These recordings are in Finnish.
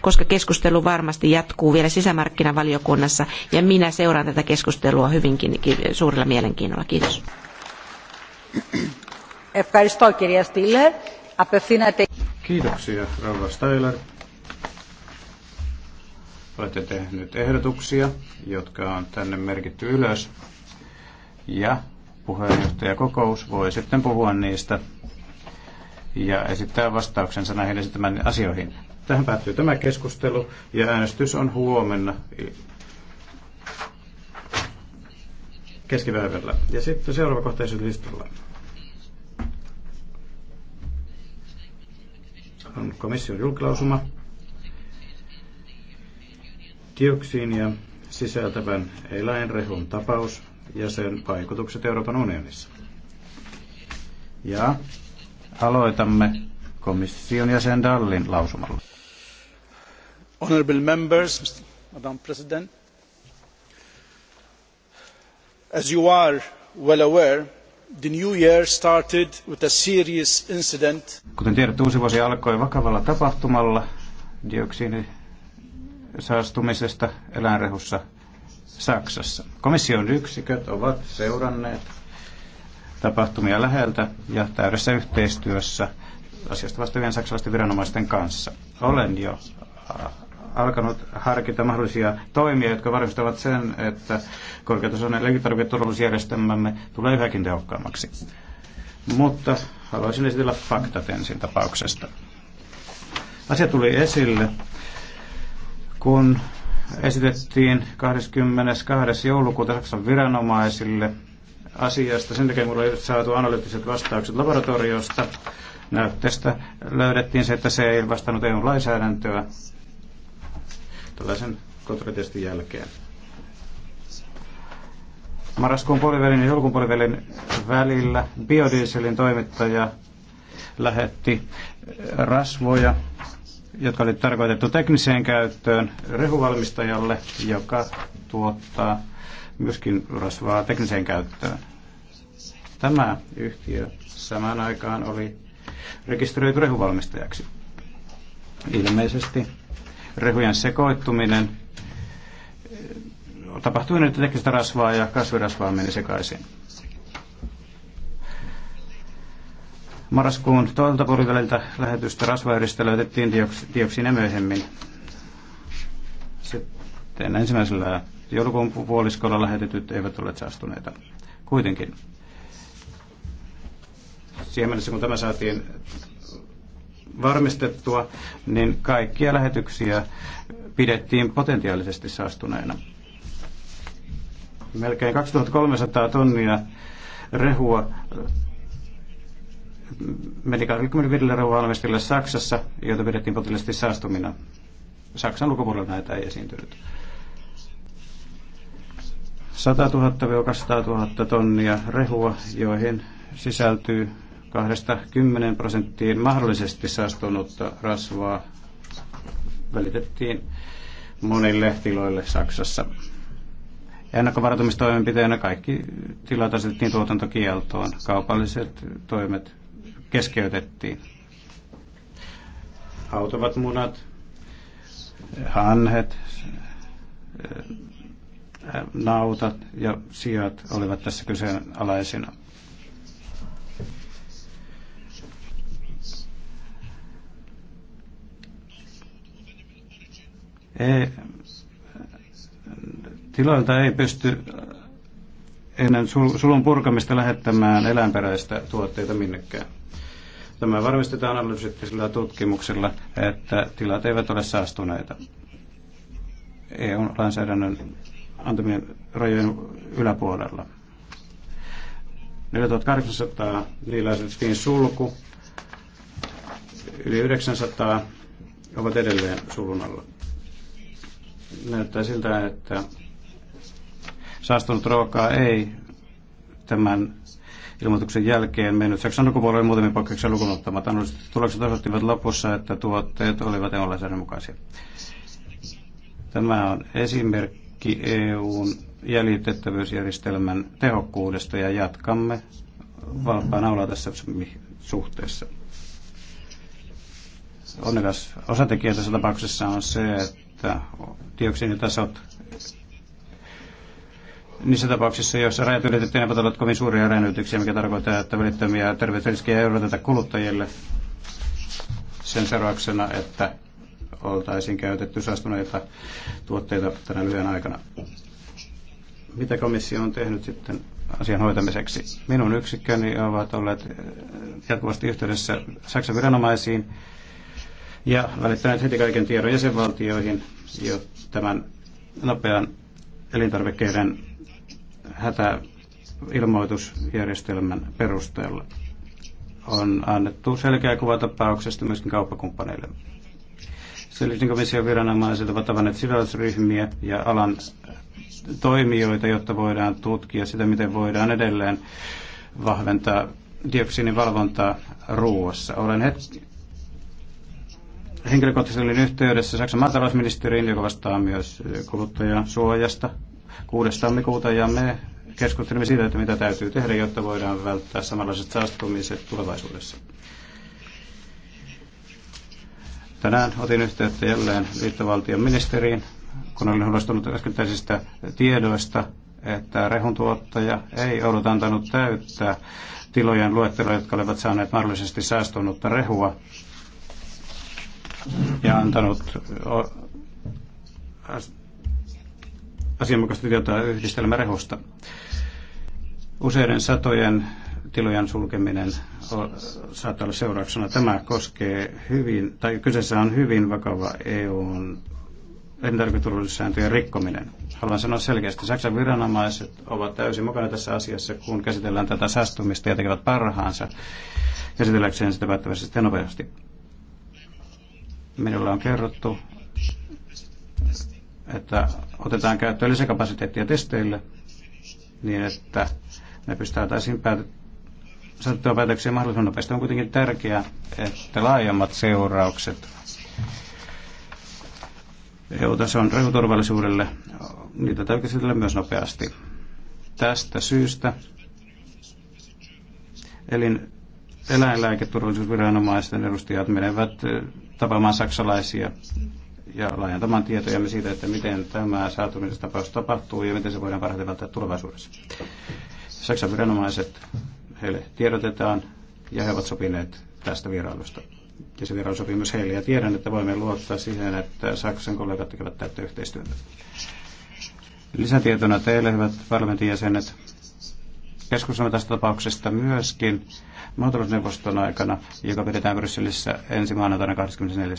koska keskustelu varmasti jatkuu vielä sisämarkkinavaliokunnassa ja minä seuraan tätä keskustelua hyvinkin suurella mielenkiinnolla. Kiitos. Kiitoksia, Rauva Steiler. Olette tehnyt ehdotuksia, jotka on tänne merkitty ylös. Ja puheenjohtajakokous voi sitten puhua niistä ja esittää vastauksensa näihin esittämään asioihin. Tähän päättyy tämä keskustelu ja äänestys on huomenna keskipäivällä. Ja sitten seuraava kohta listalla on komission julkilausuma dioksiinia sisältävän eläinrehun tapaus ja sen vaikutukset Euroopan unionissa. Ja aloitamme komission jäsen Dallin lausumalla honourable members madam president as you are well aware the new year started with a serious incident Kuten tiedätte, uusi vuosi alkoi vakavalla tapahtumalla dioksiini saastumisesta eläinrehussa Saksassa. Komission yksiköt ovat seuranneet tapahtumia läheltä ja täydessä yhteistyössä asiasta vastaavien saksalaisten viranomaisten kanssa. Olen jo alkanut harkita mahdollisia toimia, jotka varmistavat sen, että korkeatasoinen elintarviketurvallisuusjärjestelmämme tulee yhäkin tehokkaammaksi. Mutta haluaisin esitellä faktat ensin tapauksesta. Asia tuli esille, kun esitettiin 22. joulukuuta Saksan viranomaisille asiasta. Sen takia minulla oli saatu analyyttiset vastaukset laboratoriosta. Näytteestä löydettiin se, että se ei vastannut EU-lainsäädäntöä tällaisen kontratestin jälkeen. Marraskuun puolivälin ja joulukuun puolivälin välillä biodieselin toimittaja lähetti rasvoja, jotka oli tarkoitettu tekniseen käyttöön rehuvalmistajalle, joka tuottaa myöskin rasvaa tekniseen käyttöön. Tämä yhtiö samaan aikaan oli rekisteröity rehuvalmistajaksi. Ilmeisesti rehujen sekoittuminen tapahtui nyt, että rasvaa ja kasvirasvaa meni sekaisin. Marraskuun toiselta puoliväliltä lähetystä rasvaeristä löytettiin dioksiinia myöhemmin. Sitten ensimmäisellä joulukuun puoliskolla lähetetyt eivät ole saastuneita. Kuitenkin siihen mennessä, kun tämä saatiin varmistettua, niin kaikkia lähetyksiä pidettiin potentiaalisesti saastuneena. Melkein 2300 tonnia rehua meni 25 rehuvalmistille Saksassa, joita pidettiin potentiaalisesti saastumina. Saksan lukupuolella näitä ei esiintynyt. 100 000-200 000 tonnia rehua, joihin sisältyy kahdesta kymmenen prosenttiin mahdollisesti saastunutta rasvaa välitettiin monille tiloille Saksassa. Ennakkovaratumistoimenpiteenä kaikki tilat asetettiin tuotantokieltoon. Kaupalliset toimet keskeytettiin. Autovat munat, hanhet, nautat ja sijat olivat tässä kyseenalaisina. Ei, tiloilta ei pysty ennen sulun purkamista lähettämään eläinperäistä tuotteita minnekään. Tämä varmistetaan analyyttisillä tutkimuksilla, että tilat eivät ole saastuneita. EU-lainsäädännön antamien rajojen yläpuolella. 4800 niillä asetettiin sulku, yli 900 ovat edelleen sulun alla näyttää siltä, että saastunut ruokaa ei tämän ilmoituksen jälkeen mennyt Saksan lukupuolelle muutamia poikkeuksia lukunottamatta. Tulokset osoittivat lopussa, että tuotteet olivat EU-lainsäädännön mukaisia. Tämä on esimerkki EUn jäljitettävyysjärjestelmän tehokkuudesta ja jatkamme valppaan aulaa tässä suhteessa. Onnekas osatekijä tässä tapauksessa on se, että että dioksiinitasot niissä tapauksissa, joissa rajat ylitettiin, eivät ole kovin suuria rajanylityksiä, mikä tarkoittaa, että välittömiä terveysriskejä ei odoteta kuluttajille sen seurauksena, että oltaisiin käytetty saastuneita tuotteita tänä lyhyen aikana. Mitä komissio on tehnyt sitten asian hoitamiseksi? Minun yksikköni ovat olleet jatkuvasti yhteydessä Saksan viranomaisiin ja välittäneet heti kaiken tiedon jäsenvaltioihin jo tämän nopean elintarvikkeiden hätäilmoitusjärjestelmän perusteella. On annettu selkeä kuva tapauksesta myöskin kauppakumppaneille. Selvitin komission viranomaiset ovat tavanneet sidosryhmiä ja alan toimijoita, jotta voidaan tutkia sitä, miten voidaan edelleen vahventaa dioksiinin valvontaa ruoassa. Olen hetki, henkilökohtaisesti olin yhteydessä Saksan maatalousministeriin, joka vastaa myös kuluttajasuojasta 6. tammikuuta, ja me keskustelimme siitä, että mitä täytyy tehdä, jotta voidaan välttää samanlaiset saastumiset tulevaisuudessa. Tänään otin yhteyttä jälleen liittovaltion ministeriin, kun olin huolestunut äskettäisistä tiedoista, että rehuntuottaja ei ollut antanut täyttää tilojen luetteloa, jotka olivat saaneet mahdollisesti saastunutta rehua ja antanut asianmukaista tietoa yhdistelmärehusta. Useiden satojen tilojen sulkeminen saattaa olla seurauksena. Tämä koskee hyvin, tai kyseessä on hyvin vakava EUn elintarviketurvallisuussääntöjen rikkominen. Haluan sanoa selkeästi, Saksan viranomaiset ovat täysin mukana tässä asiassa, kun käsitellään tätä säästymistä ja tekevät parhaansa käsitelläkseen sitä päättävästi nopeasti. Minulle on kerrottu, että otetaan käyttöön lisäkapasiteettia testeille niin, että me pystyttäisiin saatettua päätöksiä mahdollisimman nopeasti. On kuitenkin tärkeää, että laajemmat seuraukset EU-tason rehuturvallisuudelle, niitä täytyy käsitellä myös nopeasti. Tästä syystä elin, eläinlääketurvallisuusviranomaisten edustajat menevät tapaamaan saksalaisia ja laajentamaan tietojamme siitä, että miten tämä saatumistapaus tapahtuu ja miten se voidaan parhaiten välttää tulevaisuudessa. Saksan viranomaiset, heille tiedotetaan ja he ovat sopineet tästä vierailusta. Ja se vierailu sopii myös heille. Ja tiedän, että voimme luottaa siihen, että Saksan kollegat tekevät täyttä yhteistyötä. Lisätietona teille, hyvät parlamentin jäsenet, Keskustelemme tästä tapauksesta myöskin maatalousneuvoston aikana, joka pidetään Brysselissä ensi maanantaina 24.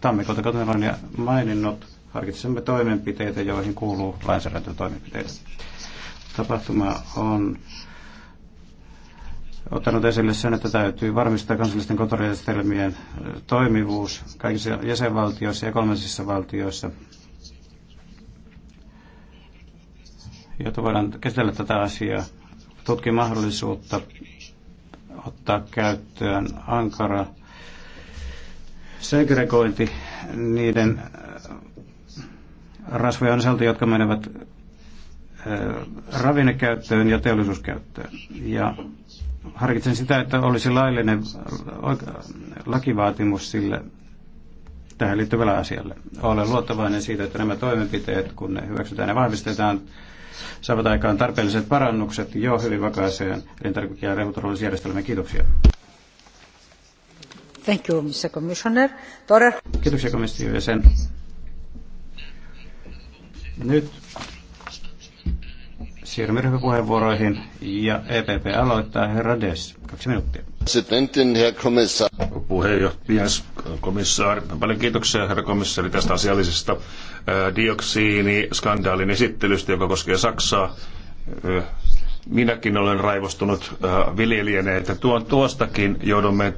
tammikuuta. Kuten ja maininnut, harkitsemme toimenpiteitä, joihin kuuluu lainsäädäntötoimenpiteitä. Tapahtuma on ottanut esille sen, että täytyy varmistaa kansallisten kontrollijärjestelmien toimivuus kaikissa jäsenvaltioissa ja kolmansissa valtioissa jotta voidaan käsitellä tätä asiaa, tutki mahdollisuutta ottaa käyttöön ankara segregointi niiden äh, rasvojen osalta, jotka menevät äh, ravinnekäyttöön ja teollisuuskäyttöön. Ja harkitsen sitä, että olisi laillinen äh, lakivaatimus sille tähän liittyvällä asialle. Olen luottavainen siitä, että nämä toimenpiteet, kun ne hyväksytään ja vahvistetaan, saavat aikaan tarpeelliset parannukset jo hyvin vakaaseen elintarvike- ja rehuturvallisuusjärjestelmään. Kiitoksia. Thank you, Mr. Commissioner. Tore. Kiitoksia komission jäsen. Nyt Siirrymme ryhmäpuheenvuoroihin ja EPP aloittaa herra Des. Kaksi minuuttia. Presidentin, herra komissaari. Puheenjohtaja, komissaari. Paljon kiitoksia herra komissaari tästä asiallisesta dioksiiniskandaalin esittelystä, joka koskee Saksaa Minäkin olen raivostunut äh, viljelijänä, että tuon, tuostakin joudumme,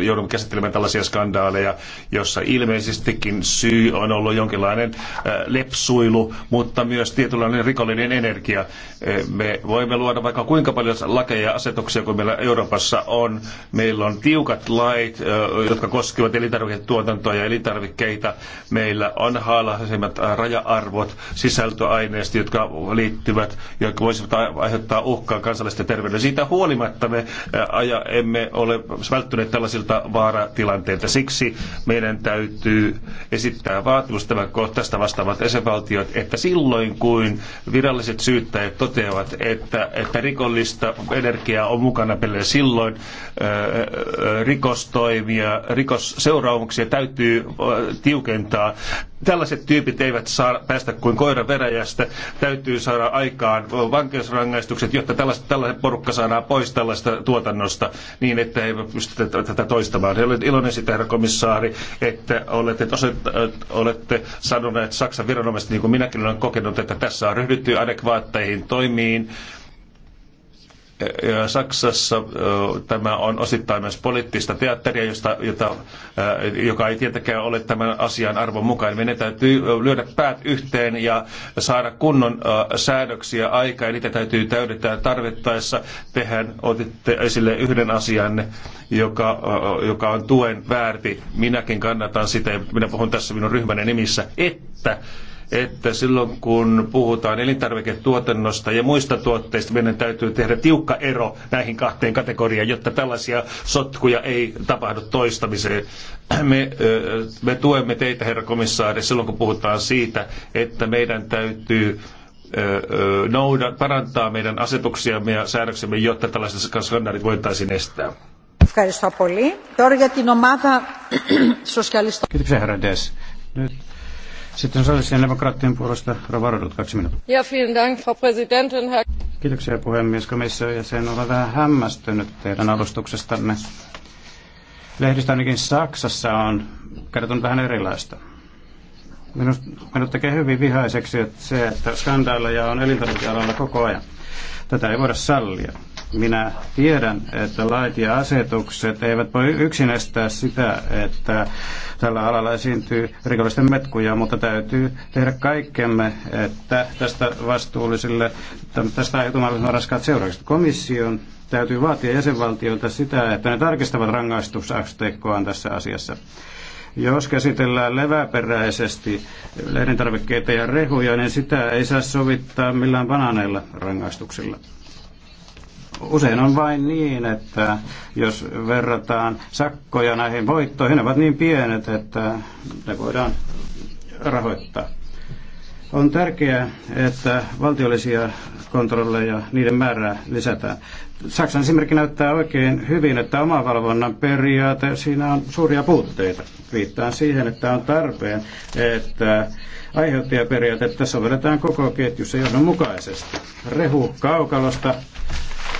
joudumme käsittelemään tällaisia skandaaleja, jossa ilmeisestikin syy on ollut jonkinlainen äh, lepsuilu, mutta myös tietynlainen rikollinen energia. Äh, me voimme luoda vaikka kuinka paljon lakeja ja asetuksia kuin meillä Euroopassa on. Meillä on tiukat lait, äh, jotka koskevat elintarviketuotantoa ja elintarvikkeita. Meillä on haalaisemmat äh, raja-arvot sisältöaineista, jotka liittyvät, jotka voisivat aiheuttaa uhkaa kansalaisten terveydelle. Siitä huolimatta me aja, emme ole välttyneet tällaisilta vaaratilanteilta. Siksi meidän täytyy esittää vaatimus tämän tästä vastaavat esivaltiot, että silloin kun viralliset syyttäjät toteavat, että, että rikollista energiaa on mukana pelejä, silloin rikostoimia, rikosseuraamuksia täytyy tiukentaa Tällaiset tyypit eivät saa päästä kuin koira veräjästä. Täytyy saada aikaan vankeusrangaistukset, jotta tällaiset, tällainen porukka saadaan pois tällaista tuotannosta niin, että ei pysty tätä toistamaan. Olen iloinen siitä, herra komissaari, että olette, että äh, olette sanoneet Saksan viranomaiset, niin kuin minäkin olen kokenut, että tässä on ryhdytty adekvaatteihin toimiin Saksassa tämä on osittain myös poliittista teatteria, josta, jota, joka ei tietenkään ole tämän asian arvon mukaan. Meidän täytyy lyödä päät yhteen ja saada kunnon säädöksiä aikaan. Niitä täytyy täydentää tarvittaessa. Tehän otitte esille yhden asian, joka, joka on tuen väärti. Minäkin kannatan sitä, ja minä puhun tässä minun ryhmänne nimissä, että että silloin kun puhutaan elintarviketuotannosta ja muista tuotteista, meidän täytyy tehdä tiukka ero näihin kahteen kategoriaan, jotta tällaisia sotkuja ei tapahdu toistamiseen. Me, me tuemme teitä, herra komissaari, silloin kun puhutaan siitä, että meidän täytyy nouda, parantaa meidän asetuksiamme ja säädöksemme, jotta tällaiset skandaalit voitaisiin estää. Kiitoksia herra Des. Nyt sitten sosiaalisen demokraattien puolesta Rova Rodot, kaksi minuuttia. Ja, vielen dank, Frau Präsidentin. Herr... Kiitoksia puhemies komissio ja sen olen vähän hämmästynyt teidän alustuksestanne. Lehdistä ainakin Saksassa on kertonut vähän erilaista. Minusta minut tekee hyvin vihaiseksi että se, että skandaaleja on elintarvikealalla koko ajan. Tätä ei voida sallia. Minä tiedän, että lait ja asetukset eivät voi yksin estää sitä, että tällä alalla esiintyy rikollisten metkuja, mutta täytyy tehdä kaikkemme, että tästä vastuullisille, tästä aiheutuu raskaat seuraukset. Komission täytyy vaatia jäsenvaltioilta sitä, että ne tarkistavat rangaistusasteikkoaan tässä asiassa jos käsitellään leväperäisesti lehdintarvikkeita ja rehuja, niin sitä ei saa sovittaa millään banaaneilla rangaistuksilla. Usein on vain niin, että jos verrataan sakkoja näihin voittoihin, ne ovat niin pienet, että ne voidaan rahoittaa. On tärkeää, että valtiollisia kontrolleja, niiden määrää lisätään. Saksan esimerkki näyttää oikein hyvin, että omavalvonnan periaate, siinä on suuria puutteita. Viittaan siihen, että on tarpeen, että aiheuttajaperiaatetta sovelletaan koko ketjussa johdonmukaisesti. Rehu kaukalosta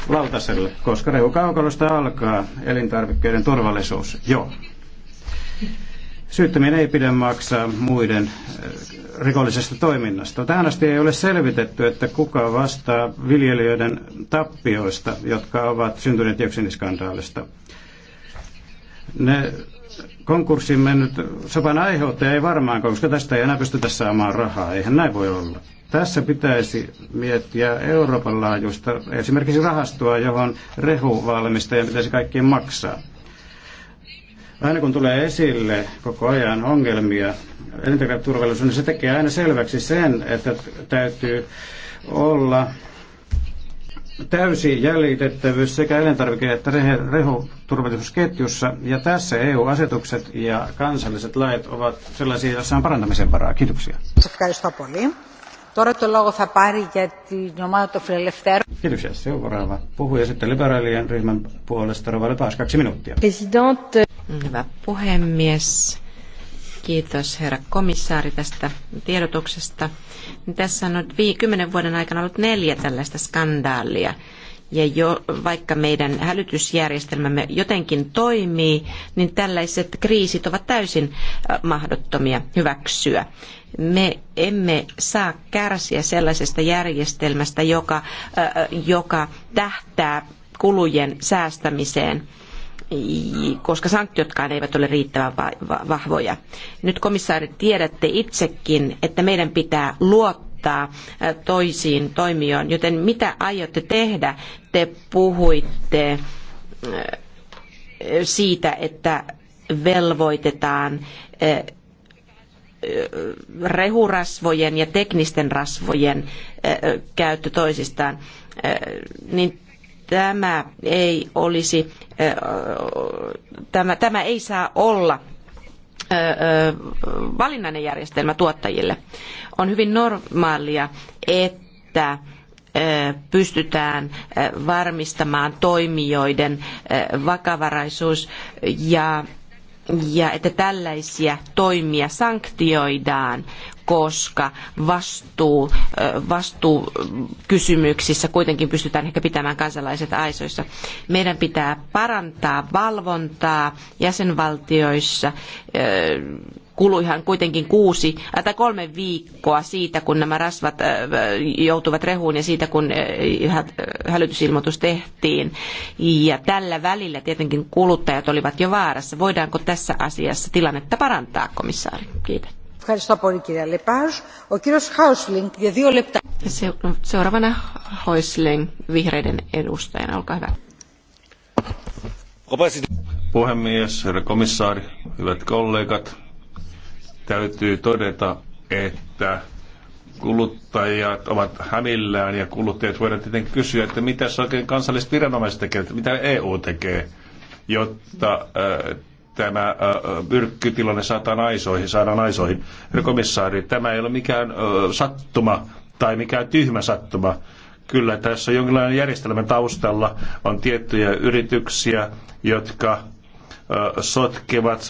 lautaselle, koska reukaukalosta alkaa elintarvikkeiden turvallisuus jo. Syyttäminen ei pidä maksaa muiden äh, rikollisesta toiminnasta. Tähän asti ei ole selvitetty, että kuka vastaa viljelijöiden tappioista, jotka ovat syntyneet dioksiniskandaalista. Ne konkurssiin mennyt sopan aiheuttaja ei varmaan, koska tästä ei enää pystytä saamaan rahaa. Eihän näin voi olla. Tässä pitäisi miettiä Euroopan laajuista esimerkiksi rahastoa, johon rehuvalmistajan pitäisi kaikkien maksaa. Aina kun tulee esille koko ajan ongelmia elintarviketurvallisuudessa, niin se tekee aina selväksi sen, että täytyy olla täysi jäljitettävyys sekä elintarvike- että rehuturvallisuusketjussa. Ja tässä EU-asetukset ja kansalliset lait ovat sellaisia, joissa on parantamisen varaa. Kiitoksia. Τώρα το λόγο θα πάρει για την ομάδα των φιλελευθέρων. Kiitoksia. Seuraava puhuja sitten liberaalien ryhmän puolesta Rova Lepas, kaksi minuuttia. Presidente. Hyvä puhemies. Kiitos herra komissaari tästä tiedotuksesta niin tässä on nyt kymmenen vuoden aikana ollut neljä tällaista skandaalia. Ja jo, vaikka meidän hälytysjärjestelmämme jotenkin toimii, niin tällaiset kriisit ovat täysin mahdottomia hyväksyä. Me emme saa kärsiä sellaisesta järjestelmästä, joka, joka tähtää kulujen säästämiseen koska sanktiotkaan eivät ole riittävän vahvoja. Nyt komissaari tiedätte itsekin, että meidän pitää luottaa toisiin toimijoihin, joten mitä aiotte tehdä? Te puhuitte siitä, että velvoitetaan rehurasvojen ja teknisten rasvojen käyttö toisistaan, niin tämä ei olisi, tämä, tämä ei saa olla valinnainen järjestelmä tuottajille. On hyvin normaalia, että pystytään varmistamaan toimijoiden vakavaraisuus ja ja että tällaisia toimia sanktioidaan, koska vastuu, vastuukysymyksissä kuitenkin pystytään ehkä pitämään kansalaiset aisoissa. Meidän pitää parantaa valvontaa jäsenvaltioissa kuluihan kuitenkin kuusi äh, tai kolme viikkoa siitä, kun nämä rasvat äh, joutuivat joutuvat rehuun ja siitä, kun äh, hälytysilmoitus tehtiin. Ja tällä välillä tietenkin kuluttajat olivat jo vaarassa. Voidaanko tässä asiassa tilannetta parantaa, komissaari? Kiitos. Seuraavana Häusling vihreiden edustajana, olkaa hyvä. Puhemies, herra komissaari, hyvät kollegat, Täytyy todeta, että kuluttajat ovat hämillään ja kuluttajat voidaan tietenkin kysyä, että mitä oikein kansalliset viranomaiset että mitä EU tekee, jotta äh, tämä äh, myrkkytilanne saadaan aisoihin, saadaan aisoihin. Herra komissaari, tämä ei ole mikään äh, sattuma tai mikään tyhmä sattuma. Kyllä tässä jonkinlainen järjestelmän taustalla, on tiettyjä yrityksiä, jotka sotkevat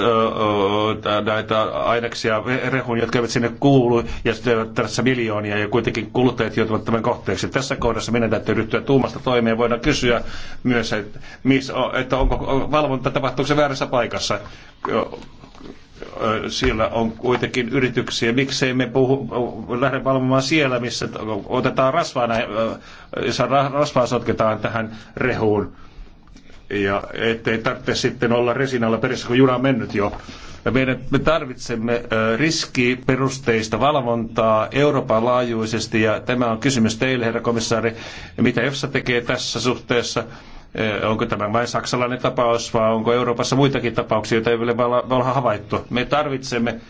näitä aineksia rehun, jotka eivät sinne kuulu, ja sitten tässä miljoonia, ja kuitenkin kuluttajat joutuvat tämän kohteeksi. Tässä kohdassa meidän täytyy ryhtyä tuumasta toimeen. Voidaan kysyä myös, että, miss, että onko valvonta, tapahtuuko se väärässä paikassa sillä on kuitenkin yrityksiä. Miksei me puhu, lähde valvomaan siellä, missä otetaan rasvaa, näin, rasvaa sotketaan tähän rehuun ja ettei tarvitse sitten olla resinalla perissä, kun juna on mennyt jo. Ja meidän, me tarvitsemme riskiperusteista valvontaa Euroopan laajuisesti, ja tämä on kysymys teille, herra komissaari, mitä EFSA tekee tässä suhteessa. Onko tämä vain saksalainen tapaus vai onko Euroopassa muitakin tapauksia, joita ei ole havaittu? Me tarvitsemme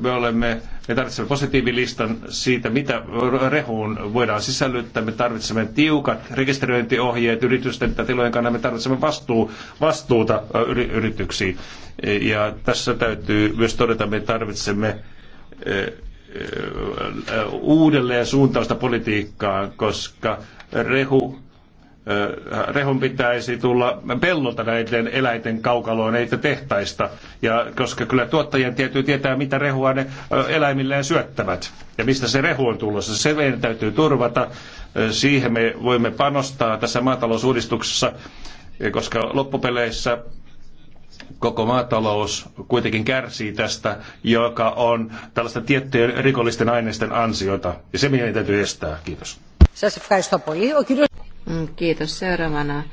me olemme, me tarvitsemme positiivilistan siitä, mitä rehuun voidaan sisällyttää. Me tarvitsemme tiukat rekisteröintiohjeet yritysten ja tilojen kannalta. Me tarvitsemme vastuu, vastuuta yrityksiin. Ja tässä täytyy myös todeta, että me tarvitsemme uudelleen suuntausta politiikkaan, koska rehu rehun pitäisi tulla pellolta näiden eläinten kaukaloon, eikä tehtaista. Ja, koska kyllä tuottajien täytyy tietää, mitä rehua ne eläimilleen syöttävät ja mistä se rehu on tulossa. Se meidän täytyy turvata. Siihen me voimme panostaa tässä maatalousuudistuksessa, e, koska loppupeleissä koko maatalous kuitenkin kärsii tästä, joka on tällaista tiettyjen rikollisten aineisten ansiota. Ja se meidän täytyy estää. Kiitos. Mm, kiitos. Seuraavana äh,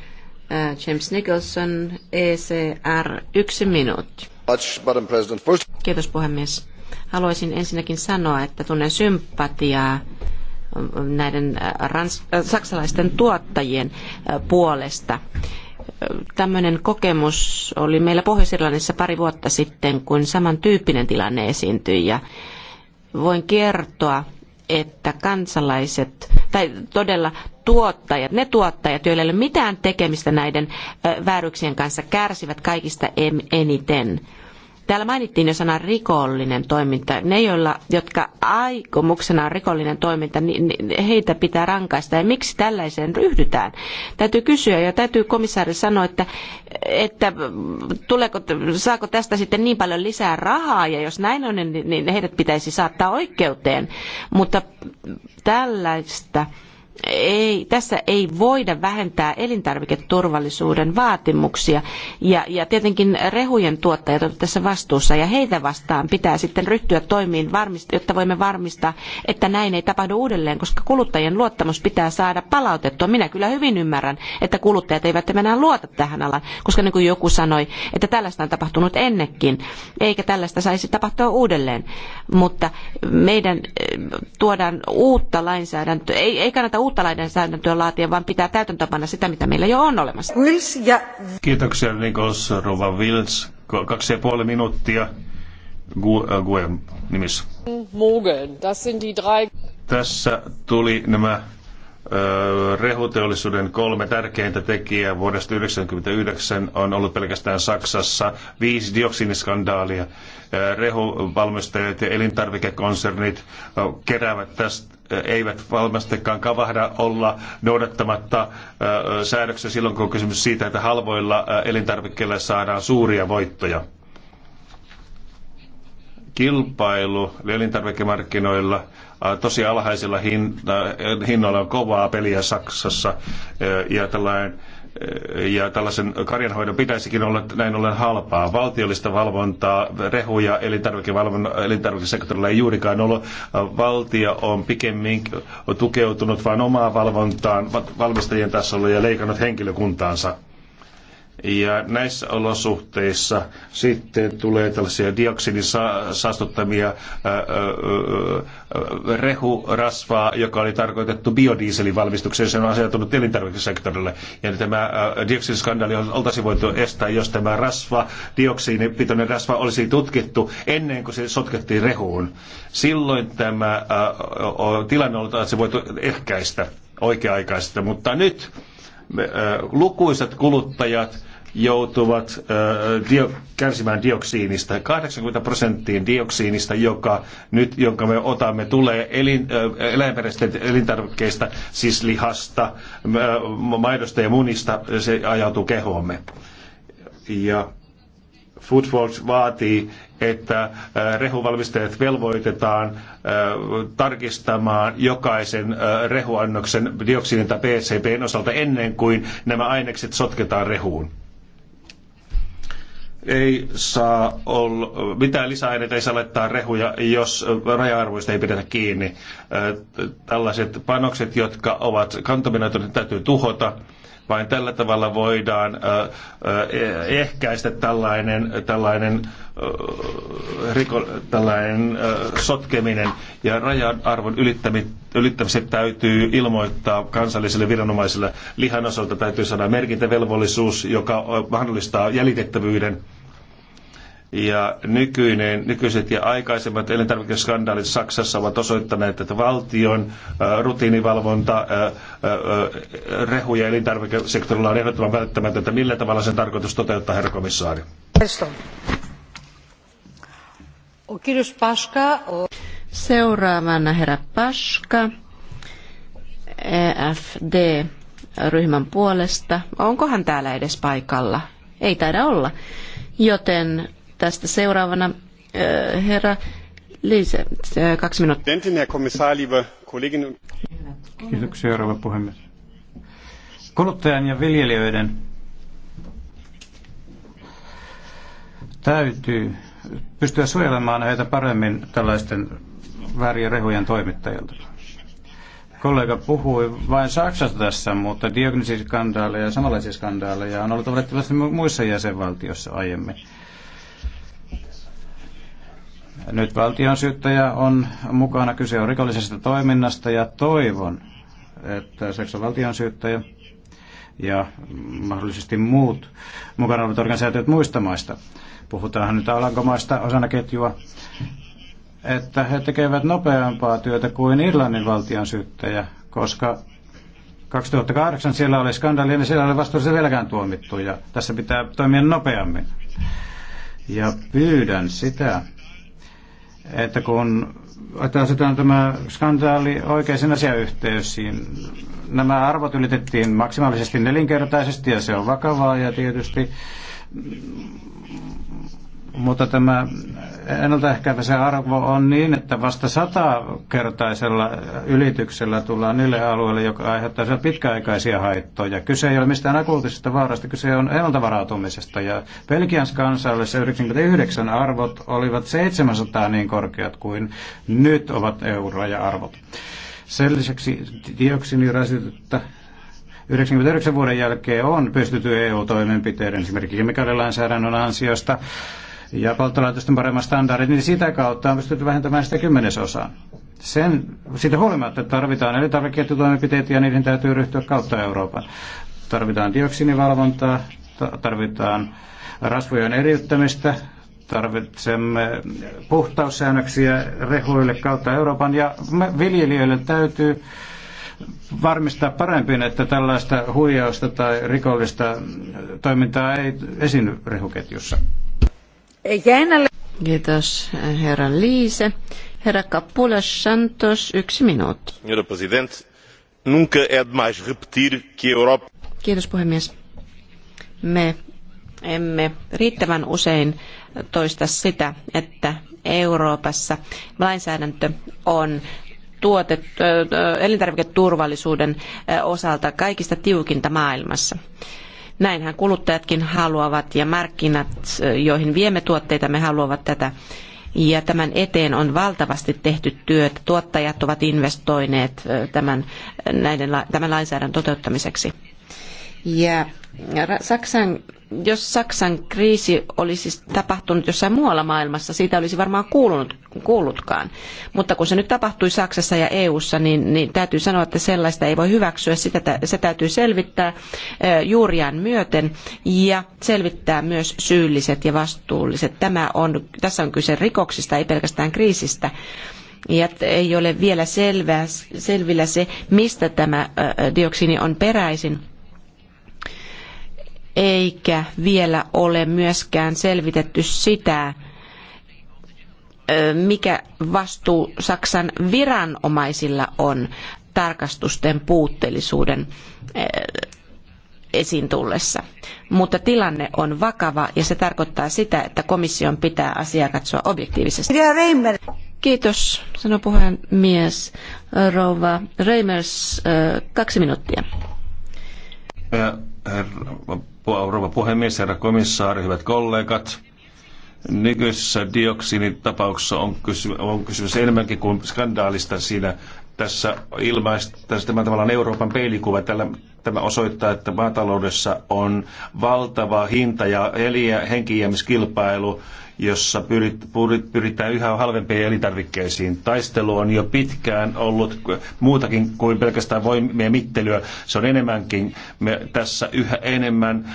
James Nicholson, ECR, yksi minuutti. Kiitos puhemies. Haluaisin ensinnäkin sanoa, että tunnen sympatiaa mm, näiden äh, rans- äh, saksalaisten tuottajien puolesta. Tämmöinen kokemus oli meillä Pohjois-Irlannissa pari vuotta sitten, kun samantyyppinen tilanne esiintyi ja voin kertoa, että kansalaiset tai todella tuottajat, ne tuottajat, joilla ei ole mitään tekemistä näiden vääryksien kanssa, kärsivät kaikista eniten. Täällä mainittiin jo sana rikollinen toiminta. Ne, joilla, jotka aikomuksena on rikollinen toiminta, niin heitä pitää rankaista. Ja miksi tällaiseen ryhdytään? Täytyy kysyä ja täytyy komissaari sanoa, että, että tuleeko, saako tästä sitten niin paljon lisää rahaa ja jos näin on, niin, niin heidät pitäisi saattaa oikeuteen. Mutta tällaista ei, tässä ei voida vähentää elintarviketurvallisuuden vaatimuksia. Ja, ja tietenkin rehujen tuottajat ovat tässä vastuussa ja heitä vastaan pitää sitten ryhtyä toimiin, jotta voimme varmistaa, että näin ei tapahdu uudelleen, koska kuluttajien luottamus pitää saada palautettua. Minä kyllä hyvin ymmärrän, että kuluttajat eivät enää luota tähän alaan, koska niin kuin joku sanoi, että tällaista on tapahtunut ennenkin, eikä tällaista saisi tapahtua uudelleen. Mutta meidän eh, tuodaan uutta lainsäädäntöä, ei, ei kannata uutta lainsäädäntöä laatia, vaan pitää täytäntöönpanna sitä, mitä meillä jo on olemassa. Wills ja... Kiitoksia Nikos Rova Wills. Kaksi ja puoli minuuttia. Äh, Gue nimissä. Morgen. Das sind die drei... Tässä tuli nämä rehuteollisuuden kolme tärkeintä tekijää vuodesta 1999 on ollut pelkästään Saksassa viisi dioksiiniskandaalia. Rehuvalmistajat ja elintarvikekonsernit keräävät tästä eivät valmastikaan kavahda olla noudattamatta säädöksiä silloin, kun on kysymys siitä, että halvoilla elintarvikkeilla saadaan suuria voittoja. Kilpailu elintarvikemarkkinoilla Äh, tosi alhaisilla äh, hinnoilla on kovaa peliä Saksassa äh, ja tällainen ja tällaisen karjanhoidon pitäisikin olla näin ollen halpaa. Valtiollista valvontaa, rehuja elintarvikesektorilla ei juurikaan ollut. Valtio on pikemmin tukeutunut vain omaa valvontaan valmistajien tasolla ja leikannut henkilökuntaansa. Ja näissä olosuhteissa sitten tulee tällaisia dioksidisaastuttamia rehurasvaa, joka oli tarkoitettu biodieselin valmistukseen. Se on asiantunut elintarvikesektorille. Ja tämä dioksidiskandaali oltaisiin voitu estää, jos tämä rasva, dioksidipitoinen rasva olisi tutkittu ennen kuin se sotkettiin rehuun. Silloin tämä tilanne oltaisiin voitu ehkäistä oikea-aikaisesti, mutta nyt lukuisat kuluttajat joutuvat äh, dio, kärsimään dioksiinista. 80 prosenttia dioksiinista, joka nyt, jonka me otamme, tulee elin, äh, eläinperäisten elintarvikkeista, siis lihasta, äh, maidosta ja munista, se ajautuu kehoomme. Ja Food Force vaatii, että rehuvalmistajat velvoitetaan tarkistamaan jokaisen rehuannoksen dioksiinin tai PCPn osalta ennen kuin nämä ainekset sotketaan rehuun ei saa olla, mitään lisäaineita ei saa laittaa rehuja, jos raja-arvoista ei pidetä kiinni. Tällaiset panokset, jotka ovat kontaminoituneet, täytyy tuhota vain tällä tavalla voidaan ehkäistä tällainen, tällainen, riko, tällainen sotkeminen ja rajan arvon ylittämiset täytyy ilmoittaa kansallisille viranomaisille. Lihan osalta täytyy saada merkintävelvollisuus, joka mahdollistaa jäljitettävyyden ja nykyinen, nykyiset ja aikaisemmat elintarvikeskandaalit Saksassa ovat osoittaneet, että valtion äh, rutiinivalvonta äh, äh, rehu- ja elintarvikesektorilla on ehdottoman välttämätöntä. Millä tavalla sen tarkoitus toteuttaa, herra komissaari? Seuraavana herra Paska, EFD-ryhmän puolesta. Onkohan täällä edes paikalla? Ei taida olla. Joten tästä seuraavana. Herra Liise, kaksi minuuttia. Kiitoksia, rouva puhemies. Kuluttajan ja viljelijöiden täytyy pystyä suojelemaan heitä paremmin tällaisten väärien rehujen toimittajilta. Kollega puhui vain Saksasta tässä, mutta diagnosiskandaaleja ja samanlaisia skandaaleja on ollut valitettavasti muissa jäsenvaltioissa aiemmin. Nyt valtion syyttäjä on mukana, kyse on rikollisesta toiminnasta ja toivon, että Saksan valtion syyttäjä ja mahdollisesti muut mukana olevat organisaatiot muista maista, puhutaanhan nyt Alankomaista osana ketjua, että he tekevät nopeampaa työtä kuin Irlannin valtion syyttäjä, koska 2008 siellä oli skandaali, niin siellä oli vastuullisia vieläkään tuomittu ja tässä pitää toimia nopeammin. Ja pyydän sitä, että kun otetaan tämä skandaali oikeisiin asiayhteyksiin, nämä arvot ylitettiin maksimaalisesti nelinkertaisesti ja se on vakavaa ja tietysti mutta tämä ennaltaehkäivä se arvo on niin, että vasta satakertaisella ylityksellä tullaan niille alueille, joka aiheuttaa pitkäaikaisia haittoja. Kyse ei ole mistään akuutisesta vaarasta, kyse on ennaltavarautumisesta. Ja Belgian kansallisessa 99 arvot olivat 700 niin korkeat kuin nyt ovat eu arvot Sen lisäksi dioksinirasitetta 99 vuoden jälkeen on pystytty EU-toimenpiteiden, esimerkiksi kemikaalilainsäädännön ansiosta, ja polttolaitosten paremmat standardit, niin sitä kautta on pystytty vähentämään sitä kymmenesosaa. Sen, siitä huolimatta tarvitaan elintarvikeketjutoimenpiteitä ja niihin täytyy ryhtyä kautta Euroopan. Tarvitaan dioksinivalvontaa, tarvitaan rasvojen eriyttämistä, tarvitsemme puhtaussäännöksiä rehuille kautta Euroopan ja viljelijöille täytyy varmistaa paremmin, että tällaista huijausta tai rikollista toimintaa ei esiinny rehuketjussa. Kiitos herra Liise. Herra Kapula Santos, yksi minuutti. Herra president, nunca é demais repetir que Europa... Kiitos puhemies. Me emme riittävän usein toista sitä, että Euroopassa lainsäädäntö on tuotet, elintarviketurvallisuuden osalta kaikista tiukinta maailmassa. Näinhän kuluttajatkin haluavat ja markkinat, joihin viemme tuotteita, me haluavat tätä. Ja tämän eteen on valtavasti tehty työtä. Tuottajat ovat investoineet tämän, näiden, tämän lainsäädännön toteuttamiseksi. Ja Saksan, jos Saksan kriisi olisi tapahtunut jossain muualla maailmassa, siitä olisi varmaan kuulunut, kuullutkaan. Mutta kun se nyt tapahtui Saksassa ja EU:ssa, niin, niin täytyy sanoa, että sellaista ei voi hyväksyä. Sitä, se täytyy selvittää juuriaan myöten ja selvittää myös syylliset ja vastuulliset. Tämä on, tässä on kyse rikoksista, ei pelkästään kriisistä ja ei ole vielä selvää, selvillä se, mistä tämä dioksiini on peräisin eikä vielä ole myöskään selvitetty sitä, mikä vastuu Saksan viranomaisilla on tarkastusten puutteellisuuden esiin tullessa. Mutta tilanne on vakava ja se tarkoittaa sitä, että komission pitää asiaa katsoa objektiivisesti. Kiitos, sanoi puhemies. Rouva Reimers, kaksi minuuttia. Herra rouva puhemies, herra komissaari, hyvät kollegat. Nykyisessä dioksinitapauksessa on, kysy- on kysymys enemmänkin kuin skandaalista siinä. Tässä ilmaistaan tämä tavallaan Euroopan peilikuva. Tällä, tämä osoittaa, että maataloudessa on valtava hinta- ja henkiämiskilpailu, jossa pyritään yhä halvempiin elintarvikkeisiin. Taistelu on jo pitkään ollut muutakin kuin pelkästään voimien mittelyä. Se on enemmänkin me tässä yhä enemmän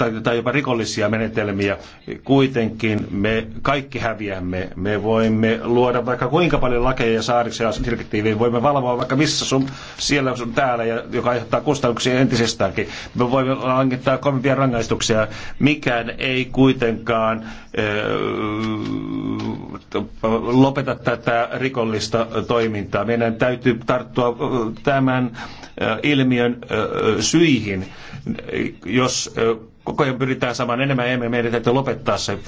äh, tai, jopa rikollisia menetelmiä. Kuitenkin me kaikki häviämme. Me voimme luoda vaikka kuinka paljon lakeja ja saariksia direktiiviin. Voimme valvoa vaikka missä sun siellä sun täällä, ja, joka aiheuttaa kustannuksia entisestäänkin. Me voimme langittaa kovimpia rangaistuksia. Mikään ei kuitenkaan lopeta tätä rikollista toimintaa. Meidän täytyy tarttua tämän ilmiön syihin. Jos koko ajan pyritään saamaan enemmän, emme meidän täytyy lopettaa se.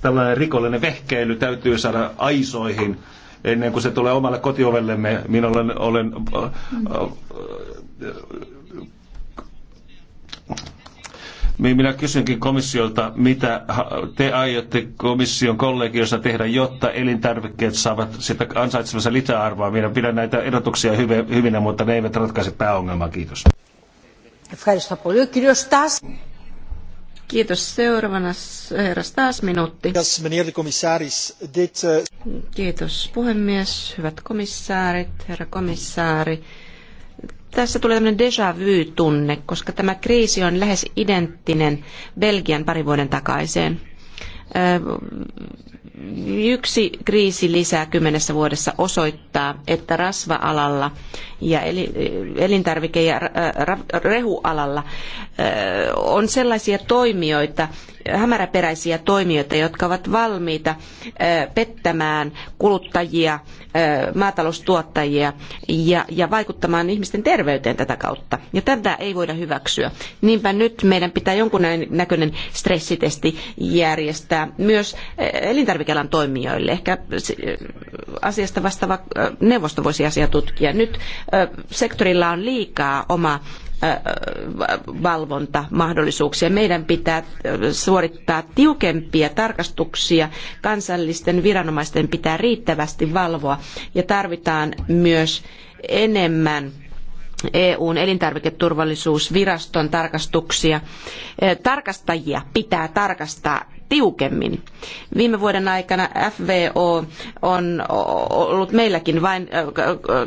Tällainen rikollinen vehkeily täytyy saada aisoihin ennen kuin se tulee omalle kotiovellemme. Minä olen, olen äh, äh, minä kysynkin komissiolta, mitä te aiotte komission kollegiossa tehdä, jotta elintarvikkeet saavat sitä ansaitsemansa lisäarvoa. Minä pidän näitä ehdotuksia hyvinä, mutta ne eivät ratkaise pääongelmaa. Kiitos. Kiitos. Seuraavana herra taas minuutti. Eh, Kiitos puhemies, hyvät komissaarit, herra komissaari tässä tulee tämmöinen déjà vu-tunne, koska tämä kriisi on lähes identtinen Belgian pari vuoden takaiseen. Yksi kriisi lisää kymmenessä vuodessa osoittaa, että rasva-alalla ja elintarvike- ja rehualalla on sellaisia toimijoita, hämäräperäisiä toimijoita, jotka ovat valmiita pettämään kuluttajia, maataloustuottajia ja, vaikuttamaan ihmisten terveyteen tätä kautta. Ja tätä ei voida hyväksyä. Niinpä nyt meidän pitää jonkun näköinen stressitesti järjestää myös elintarvikealan toimijoille. Ehkä asiasta vastaava neuvosto voisi asiaa tutkia. Nyt sektorilla on liikaa omaa valvontamahdollisuuksia. Meidän pitää äh, suorittaa tiukempia tarkastuksia. Kansallisten viranomaisten pitää riittävästi valvoa ja tarvitaan myös enemmän EUn elintarviketurvallisuusviraston tarkastuksia. E, tarkastajia pitää tarkastaa tiukemmin. Viime vuoden aikana FVO on ollut meilläkin vain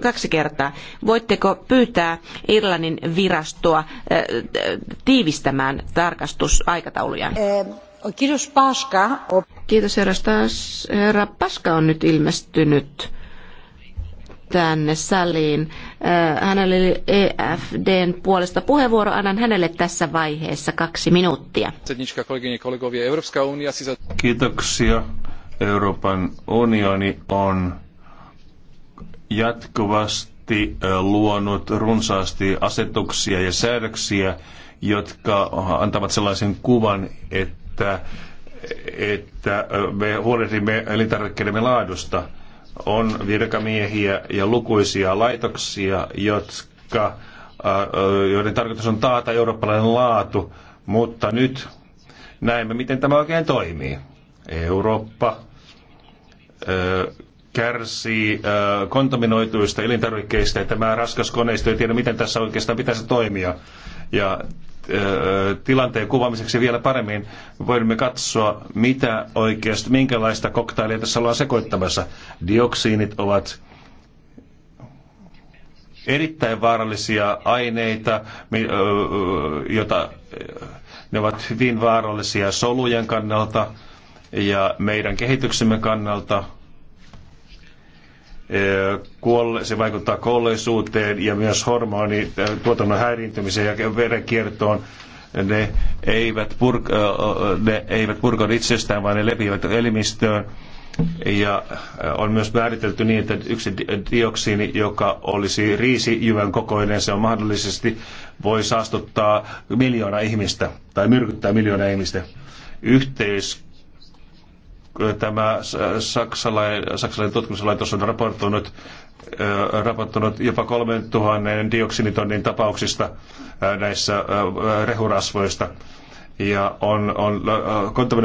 kaksi kertaa. Voitteko pyytää Irlannin virastoa e, tiivistämään tarkastusaikataulujaan? E, kiitos Paska. Kiitos herra, Stas. herra Paska on nyt ilmestynyt tänne saliin. Äh, hänelle oli EFDn puolesta puheenvuoro. Annan hänelle tässä vaiheessa kaksi minuuttia. Kiitoksia. Euroopan unioni on jatkuvasti äh, luonut runsaasti asetuksia ja säädöksiä, jotka antavat sellaisen kuvan, että, että äh, me huolehdimme elintarvikkeidemme laadusta – on virkamiehiä ja lukuisia laitoksia, jotka, äh, äh, joiden tarkoitus on taata eurooppalainen laatu, mutta nyt näemme, miten tämä oikein toimii. Eurooppa äh, kärsii kontaminoituista elintarvikkeista ja tämä raskas koneisto ei tiedä, miten tässä oikeastaan pitäisi toimia ja tilanteen kuvaamiseksi vielä paremmin voimme katsoa, mitä oikeasti, minkälaista koktailia tässä ollaan sekoittamassa. Dioksiinit ovat erittäin vaarallisia aineita, joita ne ovat hyvin vaarallisia solujen kannalta ja meidän kehityksemme kannalta – kuolle, se vaikuttaa kuolleisuuteen ja myös hormoni tuotannon häiriintymiseen ja verenkiertoon. Ne eivät, purk, ne eivät purka itsestään, vaan ne lepivät elimistöön. Ja on myös määritelty niin, että yksi dioksiini, joka olisi riisijyvän kokoinen, se on mahdollisesti voi saastuttaa miljoona ihmistä tai myrkyttää miljoona ihmistä. Yhteys tämä saksalainen, saksalainen tutkimuslaitos on raportoinut, raportoinut jopa 3000 dioksinitonnin tapauksista näissä rehurasvoista. Ja on, on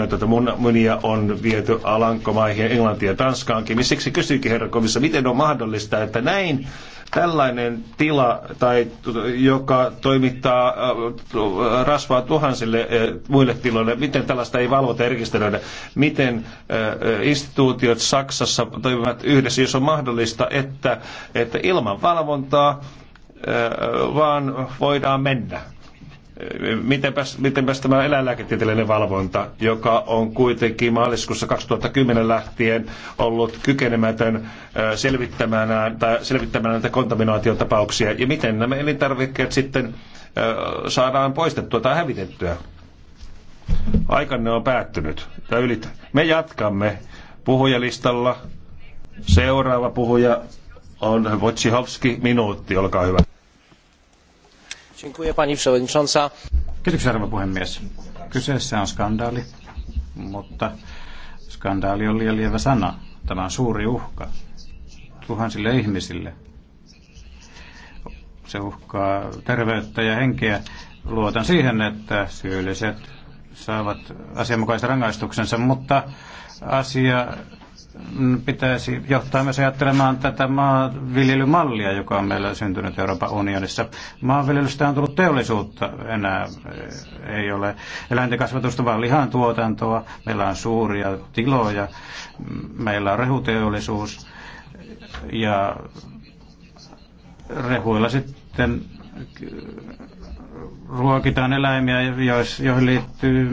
että munia on viety Alankomaihin, Englantiin ja Tanskaankin. Niin siksi kysyinkin herra komissa, miten on mahdollista, että näin Tällainen tila, tai, joka toimittaa äh, rasvaa tuhansille äh, muille tiloille, miten tällaista ei valvota ja rekisteröidä? Miten äh, instituutiot Saksassa toimivat yhdessä, jos on mahdollista, että, että ilman valvontaa vaan voidaan mennä? Mitenpäs, mitenpäs tämä eläinlääketieteellinen valvonta, joka on kuitenkin maaliskuussa 2010 lähtien ollut kykenemätön selvittämään, tai selvittämään näitä kontaminaatiotapauksia, ja miten nämä elintarvikkeet sitten saadaan poistettua tai hävitettyä? Aikanne on päättynyt, Me jatkamme puhujalistalla. Seuraava puhuja on Wojciechowski, minuutti, olkaa hyvä. Kiitoksia, puhemies. Kyseessä on skandaali, mutta skandaali on liian lievä sana. Tämä on suuri uhka tuhansille ihmisille. Se uhkaa terveyttä ja henkeä. Luotan siihen, että syylliset saavat asianmukaisen rangaistuksensa, mutta asia pitäisi johtaa myös ajattelemaan tätä maanviljelymallia, joka on meillä syntynyt Euroopan unionissa. Maanviljelystä on tullut teollisuutta enää, eh, ei ole eläinten kasvatusta, vaan lihan tuotantoa. Meillä on suuria tiloja, meillä on rehuteollisuus ja rehuilla sitten ruokitaan eläimiä, joihin liittyy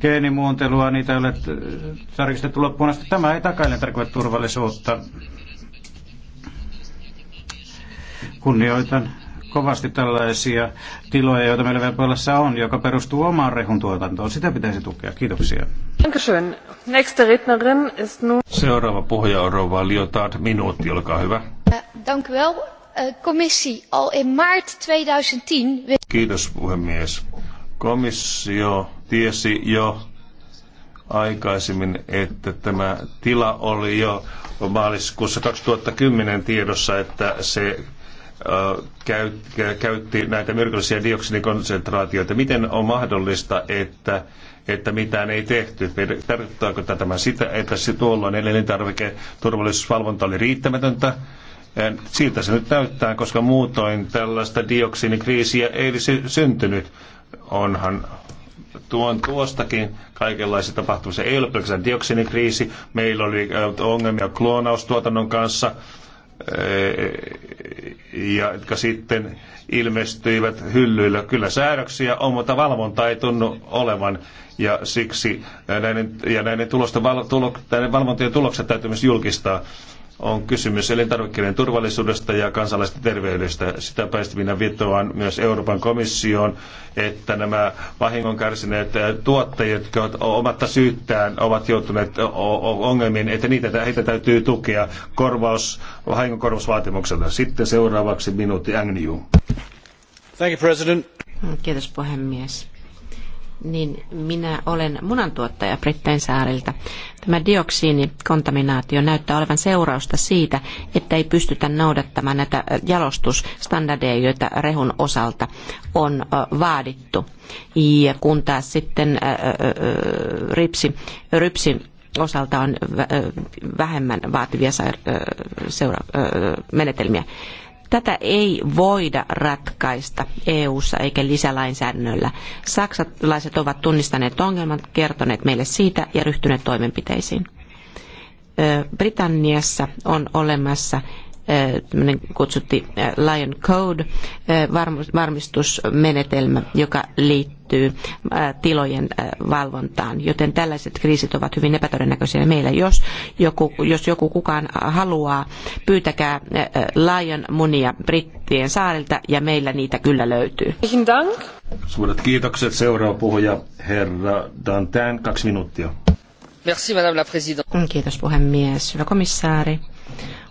geenimuuntelua, niitä ei ole tarkistettu loppuun asti. Tämä ei takaillen tarkoita turvallisuutta. Kunnioitan kovasti tällaisia tiloja, joita meillä Velpoilassa on, joka perustuu omaan rehuntuotantoon. Sitä pitäisi tukea. Kiitoksia. Seuraava puhuja on Rova Liotard. Minuutti, olkaa hyvä. Eh, dank wel. Eh, al in maart 2010... Kiitos puhemies. Komissio tiesi jo aikaisemmin, että tämä tila oli jo maaliskuussa 2010 tiedossa, että se käytti näitä myrkyllisiä dioksidikonsentraatioita. Miten on mahdollista, että, että mitään ei tehty? Tarkoittaako tämä sitä, että se tuolloin elintarviketurvallisuusvalvonta oli riittämätöntä? Siltä se nyt näyttää, koska muutoin tällaista dioksinikriisiä ei olisi syntynyt. Onhan tuon tuostakin kaikenlaisia tapahtumia. Ei ole pelkästään dioksinikriisi, meillä oli ongelmia kloonaustuotannon kanssa, ja, jotka sitten ilmestyivät hyllyillä. Kyllä säädöksiä on, mutta valvonta ei tunnu olevan. Ja siksi näiden, ja näiden, tulosten, tulo, näiden valvontojen tulokset täytyy myös julkistaa on kysymys elintarvikkeiden turvallisuudesta ja kansalaisten terveydestä. Sitä päästä minä vetoan myös Euroopan komissioon, että nämä vahingon kärsineet eh, tuottajat, jotka omatta syyttään ovat joutuneet ongelmiin, että niitä, heitä täytyy tukea korvaus, korvausvaatimuksella. Sitten seuraavaksi minuutti Agnew. Thank you, President. Kiitos puhemies niin minä olen munantuottaja Brittein saarilta. Tämä dioksiinikontaminaatio näyttää olevan seurausta siitä, että ei pystytä noudattamaan näitä jalostusstandardeja, joita rehun osalta on vaadittu. Ja kun taas sitten ripsi, rypsi osalta on vähemmän vaativia menetelmiä. Tätä ei voida ratkaista EU-ssa eikä lisälainsäädännöllä. Saksalaiset ovat tunnistaneet ongelmat, kertoneet meille siitä ja ryhtyneet toimenpiteisiin. Britanniassa on olemassa tämmöinen kutsutti äh, Lion Code-varmistusmenetelmä, äh, joka liittyy äh, tilojen valvontaan. Joten tällaiset kriisit ovat hyvin epätodennäköisiä meillä. Jos joku, jos joku kukaan haluaa, pyytäkää Lion munia brittien saarilta ja meillä niitä kyllä löytyy. Suuret kiitokset. Seuraava puhuja, herra Dantan, kaksi minuuttia. Merci, madame la présidente. Kiitos puhemies. Hyvä komissaari.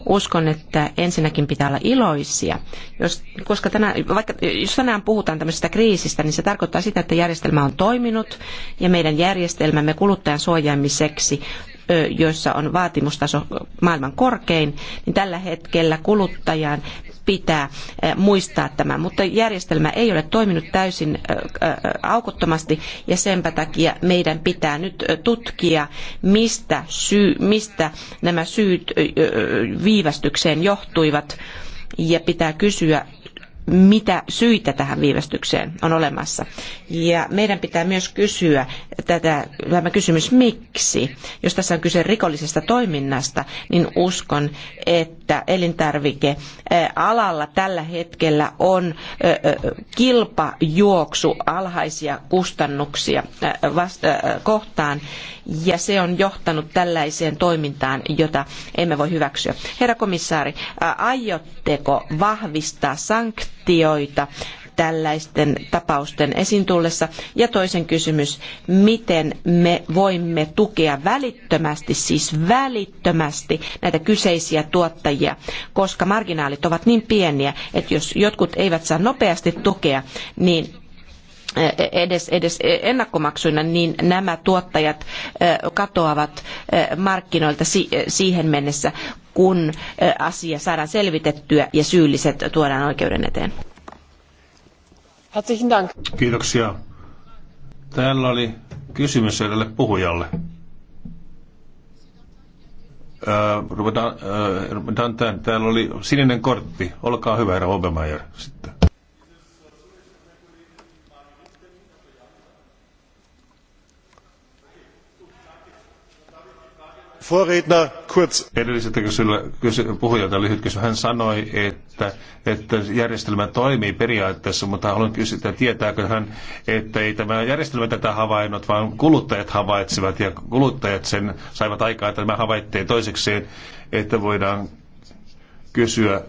Uskon, että ensinnäkin pitää olla iloisia. Jos, koska tänä vaikka, jos tänään puhutaan tämmöisestä kriisistä, niin se tarkoittaa sitä, että järjestelmä on toiminut ja meidän järjestelmämme kuluttajan suojaamiseksi joissa on vaatimustaso maailman korkein, niin tällä hetkellä kuluttajan pitää eh, muistaa tämä. Mutta järjestelmä ei ole toiminut täysin eh, eh, aukottomasti ja senpä takia meidän pitää nyt tutkia, mistä, syy, mistä nämä syyt viivästykseen johtuivat ja pitää kysyä, mitä syitä tähän viivästykseen on olemassa. Ja meidän pitää myös kysyä tätä, tämä kysymys miksi. Jos tässä on kyse rikollisesta toiminnasta, niin uskon, että elintarvikealalla tällä hetkellä on kilpajuoksu alhaisia kustannuksia kohtaan ja se on johtanut tällaiseen toimintaan, jota emme voi hyväksyä. Herra komissaari, aiotteko vahvistaa sanktioita tällaisten tapausten esiin tullessa? Ja toisen kysymys, miten me voimme tukea välittömästi, siis välittömästi näitä kyseisiä tuottajia, koska marginaalit ovat niin pieniä, että jos jotkut eivät saa nopeasti tukea, niin edes, edes ennakkomaksuina, niin nämä tuottajat katoavat markkinoilta siihen mennessä, kun asia saadaan selvitettyä ja syylliset tuodaan oikeuden eteen. Kiitoksia. Täällä oli kysymys edelle puhujalle. Ruvetaan, täällä oli sininen kortti. Olkaa hyvä, herra Obemeyer, sitten. Vorredner kurz. Edelliseltä puhujalta lyhyt kysymys. Hän sanoi, että, että järjestelmä toimii periaatteessa, mutta haluan kysyä, tietääkö hän, että ei tämä järjestelmä tätä havainnut, vaan kuluttajat havaitsivat ja kuluttajat sen saivat aikaa tämä havaittiin toisekseen, että voidaan kysyä,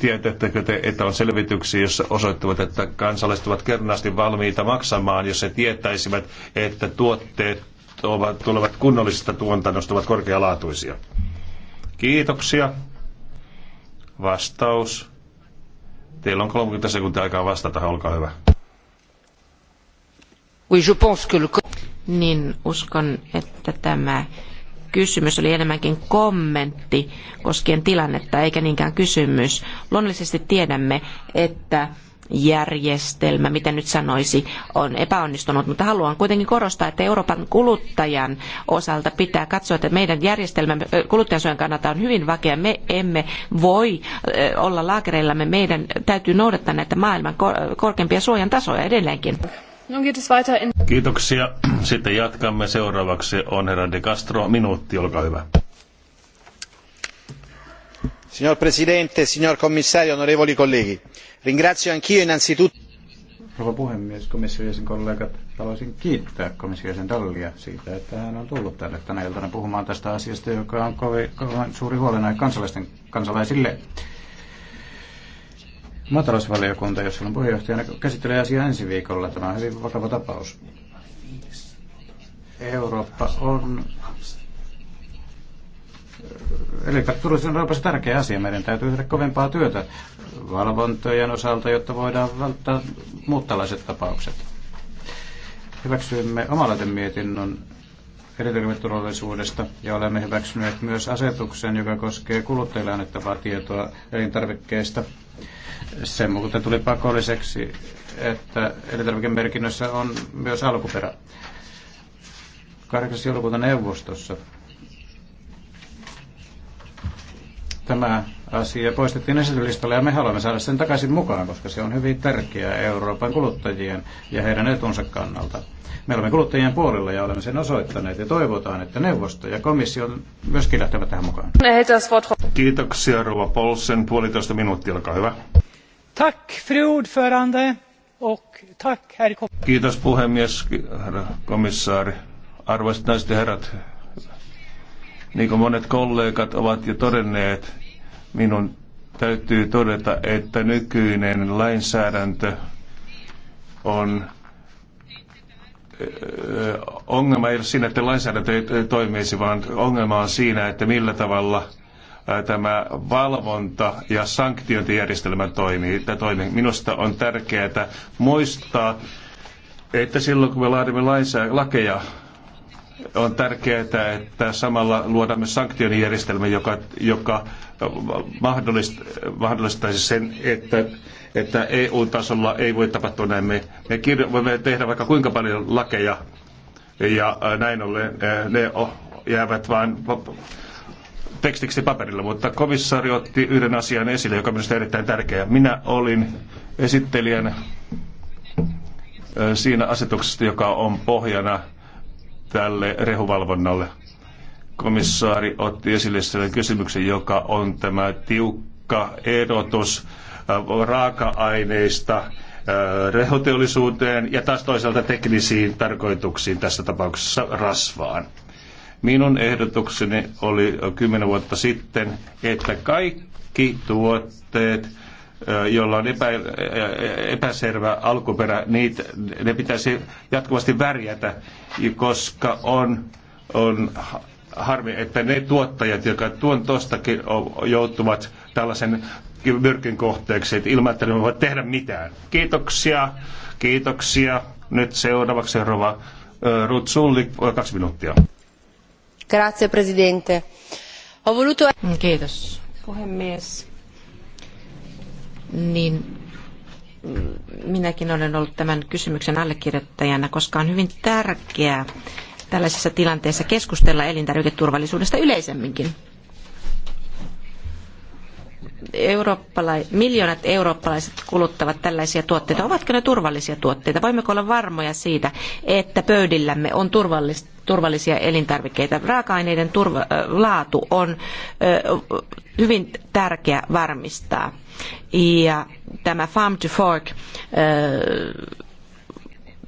Tiedättekö te, että on selvityksiä, jossa osoittavat, että kansalaiset ovat kernaasti valmiita maksamaan, jos he tietäisivät, että tuotteet ovat, tulevat kunnollisesta tuontannosta, ovat korkealaatuisia. Kiitoksia. Vastaus. Teillä on 30 sekuntia aikaa vastata, olkaa hyvä. Oui, je pense que le... Niin, uskon, että tämä kysymys oli enemmänkin kommentti koskien tilannetta, eikä niinkään kysymys. Luonnollisesti tiedämme, että järjestelmä, miten nyt sanoisi, on epäonnistunut, mutta haluan kuitenkin korostaa, että Euroopan kuluttajan osalta pitää katsoa, että meidän järjestelmämme kuluttajansuojan kannalta on hyvin vakea. Me emme voi olla laakereillamme, meidän täytyy noudattaa näitä maailman korkeimpia suojan tasoja edelleenkin. Kiitoksia. Sitten jatkamme. Seuraavaksi on herra De Castro. Minuutti, olkaa hyvä signor presidente signor commissario onorevoli colleghi ringrazio anch'io innanzitutto. puhemies komission jäsenkollegat haluaisin kiittää komission dallia siitä että hän on tullut tänne tänä iltana puhumaan tästä asiasta joka on kovin, kovin suuri huolenaihe kansalaisten kansalaisille. Maatalousvaliokunta, jossa olen puheenjohtajana, käsittelee asiaa ensi viikolla. Tämä on hyvin vakava tapaus. Eurooppa on Elintarviketurvallisuus on Euroopassa tärkeä asia. Meidän täytyy tehdä kovempaa työtä valvontojen osalta, jotta voidaan välttää muuttalaiset tällaiset tapaukset. Hyväksyimme mietinnön elintarviketurvallisuudesta ja olemme hyväksyneet myös asetuksen, joka koskee kuluttajille annettavaa tietoa elintarvikkeista. Sen muuten tuli pakolliseksi, että elintarvikemerkinnössä on myös alkuperä. 8. joulukuuta neuvostossa tämä asia poistettiin esityslistalle ja me haluamme saada sen takaisin mukaan, koska se on hyvin tärkeää Euroopan kuluttajien ja heidän etunsa kannalta. Me olemme kuluttajien puolella ja olemme sen osoittaneet ja toivotaan, että neuvosto ja komissio myöskin lähtevät tähän mukaan. Kiitoksia Rova Polsen. Puolitoista minuuttia, olkaa hyvä. Tack, fru ordförande. Och tack, herr Kiitos puhemies, herra komissaari. Arvoisat naiset ja herrat, niin kuin monet kollegat ovat jo todenneet, minun täytyy todeta, että nykyinen lainsäädäntö on ongelma ei ole siinä, että lainsäädäntö ei toimisi, vaan ongelma on siinä, että millä tavalla tämä valvonta ja sanktiointijärjestelmä toimii. toimii. Minusta on tärkeää muistaa, että silloin kun me laadimme lakeja, on tärkeää, että samalla luodaan myös sanktionijärjestelmä, joka, joka mahdollist, mahdollistaisi sen, että, että EU-tasolla ei voi tapahtua näin. Me, me kirjo, voimme tehdä vaikka kuinka paljon lakeja, ja näin ollen eh, ne jäävät vain tekstiksi paperilla, mutta komissaari otti yhden asian esille, joka on minusta erittäin tärkeä. Minä olin esittelijänä eh, siinä asetuksesta, joka on pohjana – tälle rehuvalvonnalle. Komissaari otti esille sellaisen kysymyksen, joka on tämä tiukka erotus äh, raaka-aineista äh, rehoteollisuuteen ja taas toisaalta teknisiin tarkoituksiin, tässä tapauksessa rasvaan. Minun ehdotukseni oli kymmenen vuotta sitten, että kaikki tuotteet, jolla on epä, epäselvä alkuperä, niitä, ne pitäisi jatkuvasti värjätä, koska on, on harmi, että ne tuottajat, jotka tuon tostakin joutuvat tällaisen myrkin kohteeksi, että ilman, että ne voivat tehdä mitään. Kiitoksia, kiitoksia. Nyt seuraavaksi seuraava Ruth Sulli, kaksi minuuttia. Grazie, presidente. Ho voluto... Kiitos, puhemies niin minäkin olen ollut tämän kysymyksen allekirjoittajana, koska on hyvin tärkeää tällaisessa tilanteessa keskustella elintarviketurvallisuudesta yleisemminkin eurooppalai, miljoonat eurooppalaiset kuluttavat tällaisia tuotteita. Ovatko ne turvallisia tuotteita? Voimmeko olla varmoja siitä, että pöydillämme on turvallisia elintarvikkeita? Raaka-aineiden turva, laatu on hyvin tärkeä varmistaa. Ja tämä Farm to Fork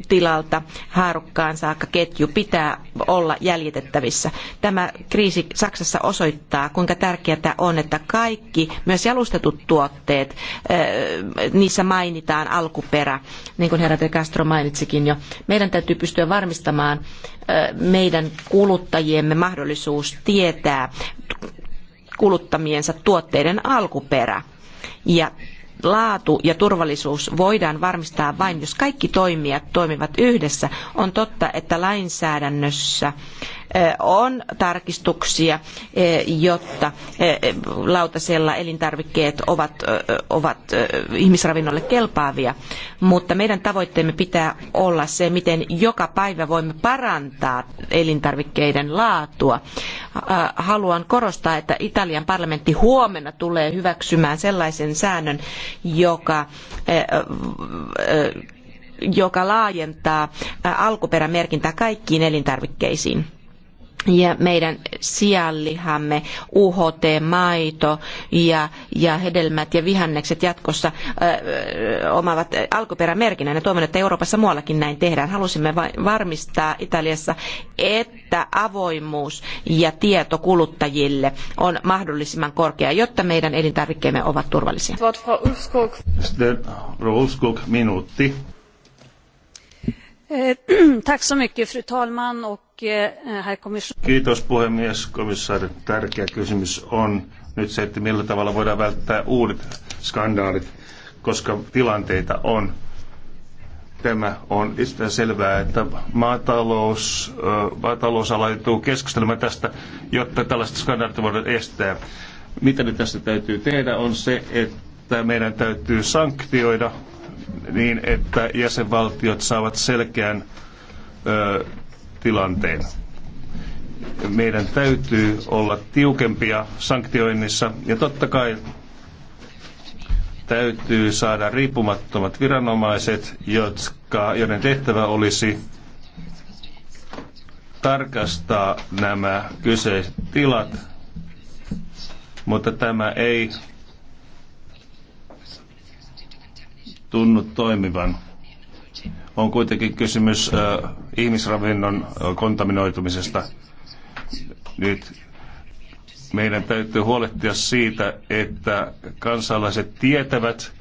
tilalta haarukkaan saakka ketju pitää olla jäljitettävissä. Tämä kriisi Saksassa osoittaa, kuinka tärkeää on, että kaikki, myös jalustetut tuotteet, eh, niissä mainitaan alkuperä, niin kuin herra De Castro mainitsikin jo. Meidän täytyy pystyä varmistamaan eh, meidän kuluttajiemme mahdollisuus tietää kuluttamiensa tuotteiden alkuperä. Ja laatu ja turvallisuus voidaan varmistaa vain, jos kaikki toimijat toimivat yhdessä. On totta, että lainsäädännössä on tarkistuksia, jotta lautasella elintarvikkeet ovat, ovat ihmisravinnolle kelpaavia, mutta meidän tavoitteemme pitää olla se, miten joka päivä voimme parantaa elintarvikkeiden laatua. Haluan korostaa, että Italian parlamentti huomenna tulee hyväksymään sellaisen säännön, joka joka laajentaa alkuperämerkintää kaikkiin elintarvikkeisiin ja meidän sianlihamme, UHT, maito ja, ja hedelmät ja vihannekset jatkossa ö, omavat alkuperämerkinnän. Ja toivon, että Euroopassa muuallakin näin tehdään. Halusimme varmistaa Italiassa, että avoimuus ja tieto kuluttajille on mahdollisimman korkea, jotta meidän elintarvikkeemme ovat turvallisia. Sitten minuutti. Eh, eh, Kiitos puhemies, komissaari. Tärkeä kysymys on nyt se, että millä tavalla voidaan välttää uudet skandaalit, koska tilanteita on. Tämä on itsestään selvää, että maatalous, maatalousala joutuu keskustelemaan tästä, jotta tällaista skandaalit voidaan estää. Mitä nyt tässä täytyy tehdä on se, että meidän täytyy sanktioida niin, että jäsenvaltiot saavat selkeän ö, tilanteen. Meidän täytyy olla tiukempia sanktioinnissa ja totta kai täytyy saada riippumattomat viranomaiset, jotka, joiden tehtävä olisi tarkastaa nämä kyseiset tilat, mutta tämä ei tunnu toimivan. On kuitenkin kysymys äh, ihmisravinnon äh, kontaminoitumisesta. Nyt meidän täytyy huolehtia siitä, että kansalaiset tietävät,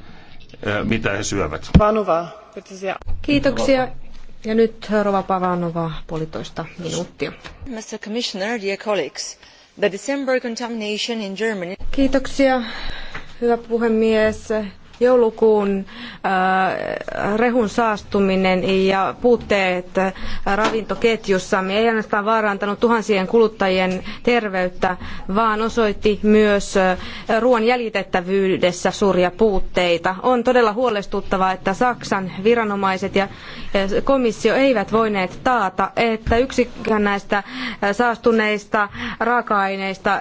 äh, mitä he syövät. Kiitoksia. Ja nyt äh, Rova Pavanova, puolitoista minuuttia. Mr. Commissioner, dear colleagues, the December contamination in Germany... Kiitoksia, hyvä puhemies. Joulukuun äh, rehun saastuminen ja puutteet äh, ravintoketjussamme ei ainoastaan vaarantanut tuhansien kuluttajien terveyttä, vaan osoitti myös äh, ruoan jäljitettävyydessä suuria puutteita. On todella huolestuttavaa, että Saksan viranomaiset ja komissio eivät voineet taata, että yksikään näistä saastuneista raaka-aineista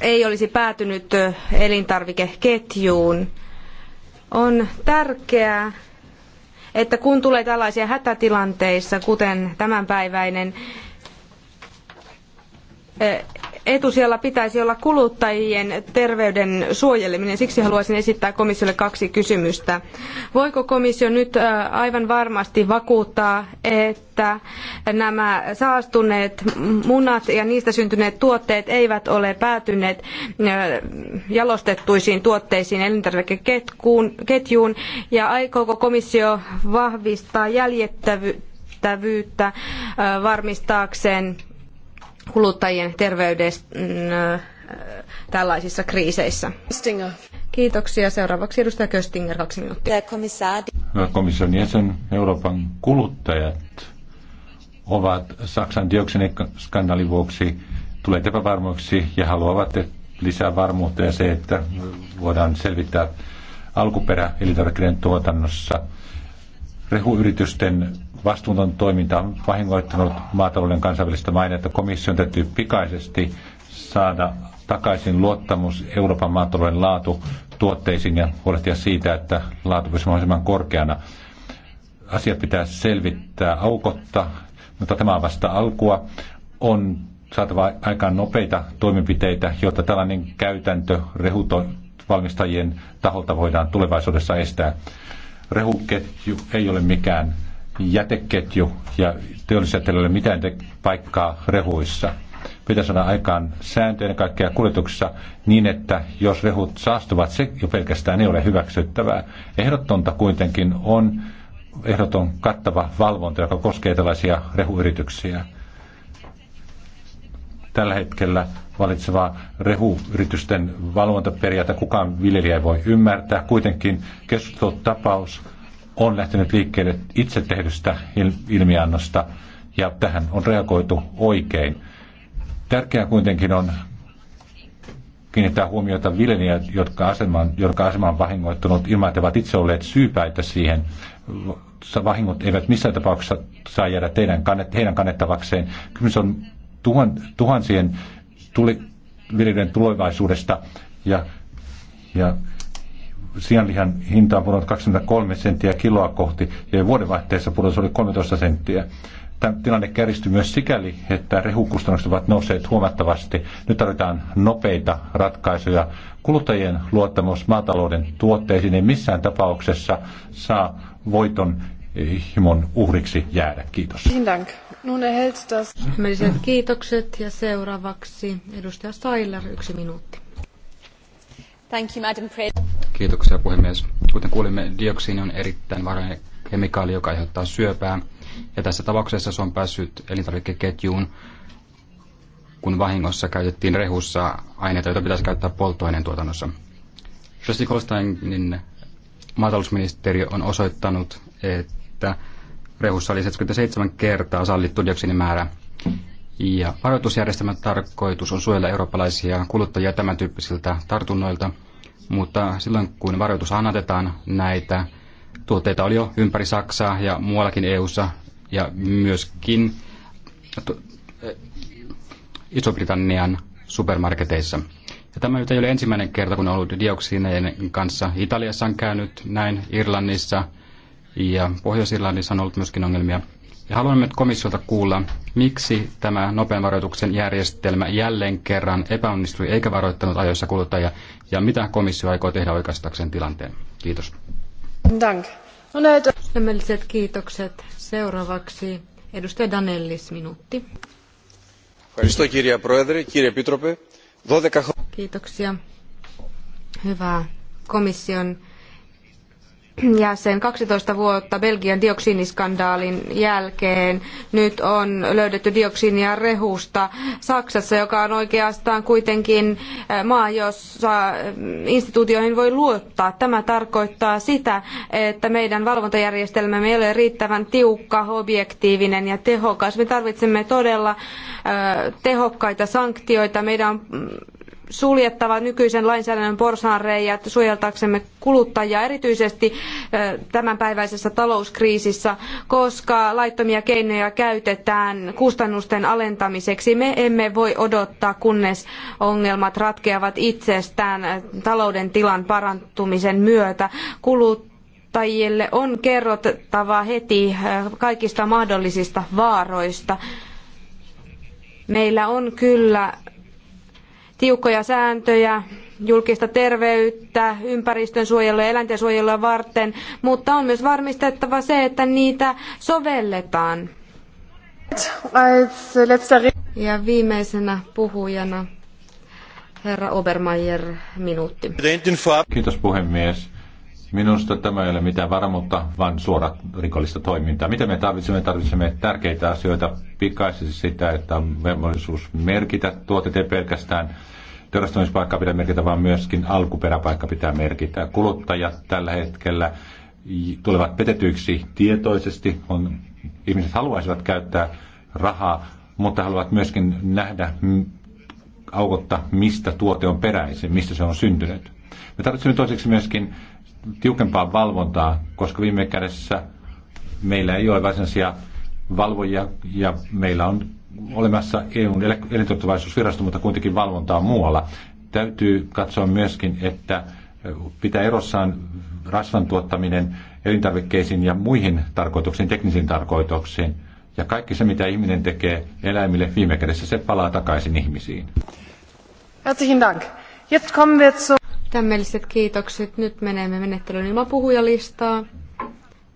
ei olisi päätynyt elintarvikeketjuun. On tärkeää, että kun tulee tällaisia hätätilanteissa, kuten tämänpäiväinen, etusijalla pitäisi olla kuluttajien terveyden suojeleminen. Siksi haluaisin esittää komissiolle kaksi kysymystä. Voiko komissio nyt aivan varmasti vakuuttaa, että nämä saastuneet munat ja niistä syntyneet tuotteet eivät ole päätyneet jalostettuisiin tuotteisiin elintarvikeketjuun? Ja aikooko komissio vahvistaa jäljettävyyttä varmistaakseen kuluttajien terveydestä mm, tällaisissa kriiseissä. Stinger. Kiitoksia. Seuraavaksi edustaja Köstinger, kaksi minuuttia. Hyvä komission jäsen, Euroopan kuluttajat ovat Saksan dioksiniskandaalin vuoksi tulleet epävarmoiksi ja haluavat lisää varmuutta ja se, että voidaan selvittää alkuperä elintarvikkeiden tuotannossa. Rehuyritysten vastuuton toiminta on vahingoittanut maatalouden kansainvälistä mainetta. Komission täytyy pikaisesti saada takaisin luottamus Euroopan maatalouden laatu tuotteisiin ja huolehtia siitä, että laatu pysyy mahdollisimman korkeana. Asiat pitää selvittää aukotta, mutta tämä on vasta alkua. On saatava aikaan nopeita toimenpiteitä, jotta tällainen käytäntö valmistajien taholta voidaan tulevaisuudessa estää. Rehuketju ei ole mikään jäteketju ja teollisuusjätteellä ei ole mitään paikkaa rehuissa. Pitäisi saada aikaan sääntöjen kaikkea kuljetuksessa niin, että jos rehut saastuvat, se jo pelkästään ei ole hyväksyttävää. Ehdotonta kuitenkin on ehdoton kattava valvonta, joka koskee tällaisia rehuyrityksiä. Tällä hetkellä valitsevaa rehuyritysten valvontaperiaate kukaan viljelijä ei voi ymmärtää. Kuitenkin keskustelutapaus on lähtenyt liikkeelle itse tehdystä ilmiannosta ja tähän on reagoitu oikein. Tärkeää kuitenkin on kiinnittää huomiota viljelijät, jotka aseman, jotka asema on vahingoittunut ilman, että ovat itse olleet syypäitä siihen. Vahingot eivät missään tapauksessa saa jäädä teidän, heidän kannettavakseen. Kysymys on tuhan, tuhansien tuli, viljelijöiden tulevaisuudesta ja, ja sianlihan hinta on pudonnut 23 senttiä kiloa kohti ja vuodenvaihteessa pudotus oli 13 senttiä. Tämä tilanne kärjistyi myös sikäli, että rehukustannukset ovat nousseet huomattavasti. Nyt tarvitaan nopeita ratkaisuja. Kuluttajien luottamus maatalouden tuotteisiin ei missään tapauksessa saa voiton himon uhriksi jäädä. Kiitos. kiitokset ja seuraavaksi edustaja Sailer, yksi minuutti. Thank you, Madam President. Kiitoksia puhemies. Kuten kuulimme, dioksiini on erittäin varainen kemikaali, joka aiheuttaa syöpää. Ja tässä tapauksessa se on päässyt elintarvikeketjuun, kun vahingossa käytettiin rehussa aineita, joita pitäisi käyttää polttoaineen tuotannossa. schleswig Kolsteinin maatalousministeriö on osoittanut, että rehussa oli 77 kertaa sallittu dioksiinimäärä. Ja varoitusjärjestelmän tarkoitus on suojella eurooppalaisia kuluttajia tämän tyyppisiltä tartunnoilta – mutta silloin kun varoitus annatetaan näitä tuotteita oli jo ympäri Saksaa ja muuallakin EU-ssa ja myöskin eh, Iso-Britannian supermarketeissa. Ja tämä nyt ei ole ensimmäinen kerta, kun on ollut dioksiineiden kanssa. Italiassa on käynyt näin, Irlannissa ja Pohjois-Irlannissa on ollut myöskin ongelmia. Ja haluamme nyt komissiolta kuulla, miksi tämä nopean varoituksen järjestelmä jälleen kerran epäonnistui eikä varoittanut ajoissa kuluttajia, ja mitä komissio aikoo tehdä oikeastakseen tilanteen. Kiitos. Dank. No näitä. Lämmelliset kiitokset. Seuraavaksi edustaja Danellis, minuutti. Kiitoksia. Hyvää komission ja sen 12 vuotta Belgian dioksiiniskandaalin jälkeen nyt on löydetty dioksiinia rehusta Saksassa, joka on oikeastaan kuitenkin eh, maa, jossa eh, instituutioihin voi luottaa. Tämä tarkoittaa sitä, että meidän valvontajärjestelmämme ei ole riittävän tiukka, objektiivinen ja tehokas. Me tarvitsemme todella eh, tehokkaita sanktioita. Meidän on suljettava nykyisen lainsäädännön porsaanreijät suojeltaksemme kuluttajia erityisesti tämänpäiväisessä talouskriisissä, koska laittomia keinoja käytetään kustannusten alentamiseksi. Me emme voi odottaa, kunnes ongelmat ratkeavat itsestään talouden tilan parantumisen myötä. Kulut kuluttajille on kerrottava heti kaikista mahdollisista vaaroista. Meillä on kyllä tiukkoja sääntöjä julkista terveyttä, ympäristön suojelua ja eläinten suojelua varten, mutta on myös varmistettava se, että niitä sovelletaan. Ja viimeisenä puhujana herra Obermeier, minuutti. Kiitos puhemies. Minusta tämä ei ole mitään varmuutta, vaan suora rikollista toimintaa. Mitä me tarvitsemme? Tarvitsemme tärkeitä asioita pikaisesti sitä, että on velvollisuus merkitä tuotet ei pelkästään teurastamispaikka pitää merkitä, vaan myöskin alkuperäpaikka pitää merkitä. Kuluttajat tällä hetkellä tulevat petetyiksi tietoisesti. On, ihmiset haluaisivat käyttää rahaa, mutta haluavat myöskin nähdä aukotta, mistä tuote on peräisin, mistä se on syntynyt. Me tarvitsemme toiseksi myöskin tiukempaa valvontaa, koska viime kädessä meillä ei ole varsinaisia valvojia ja meillä on olemassa EUn elintarvitsevaisuusvirasto, mutta kuitenkin valvontaa muualla. Täytyy katsoa myöskin, että pitää erossaan rasvan tuottaminen elintarvikkeisiin ja muihin tarkoituksiin, teknisiin tarkoituksiin. Ja kaikki se, mitä ihminen tekee eläimille viime kädessä, se palaa takaisin ihmisiin. Herzlichen Dank. Jetzt kommen wir zu... Tämmöiset kiitokset. Nyt menemme menettelyyn ilman puhujalistaa.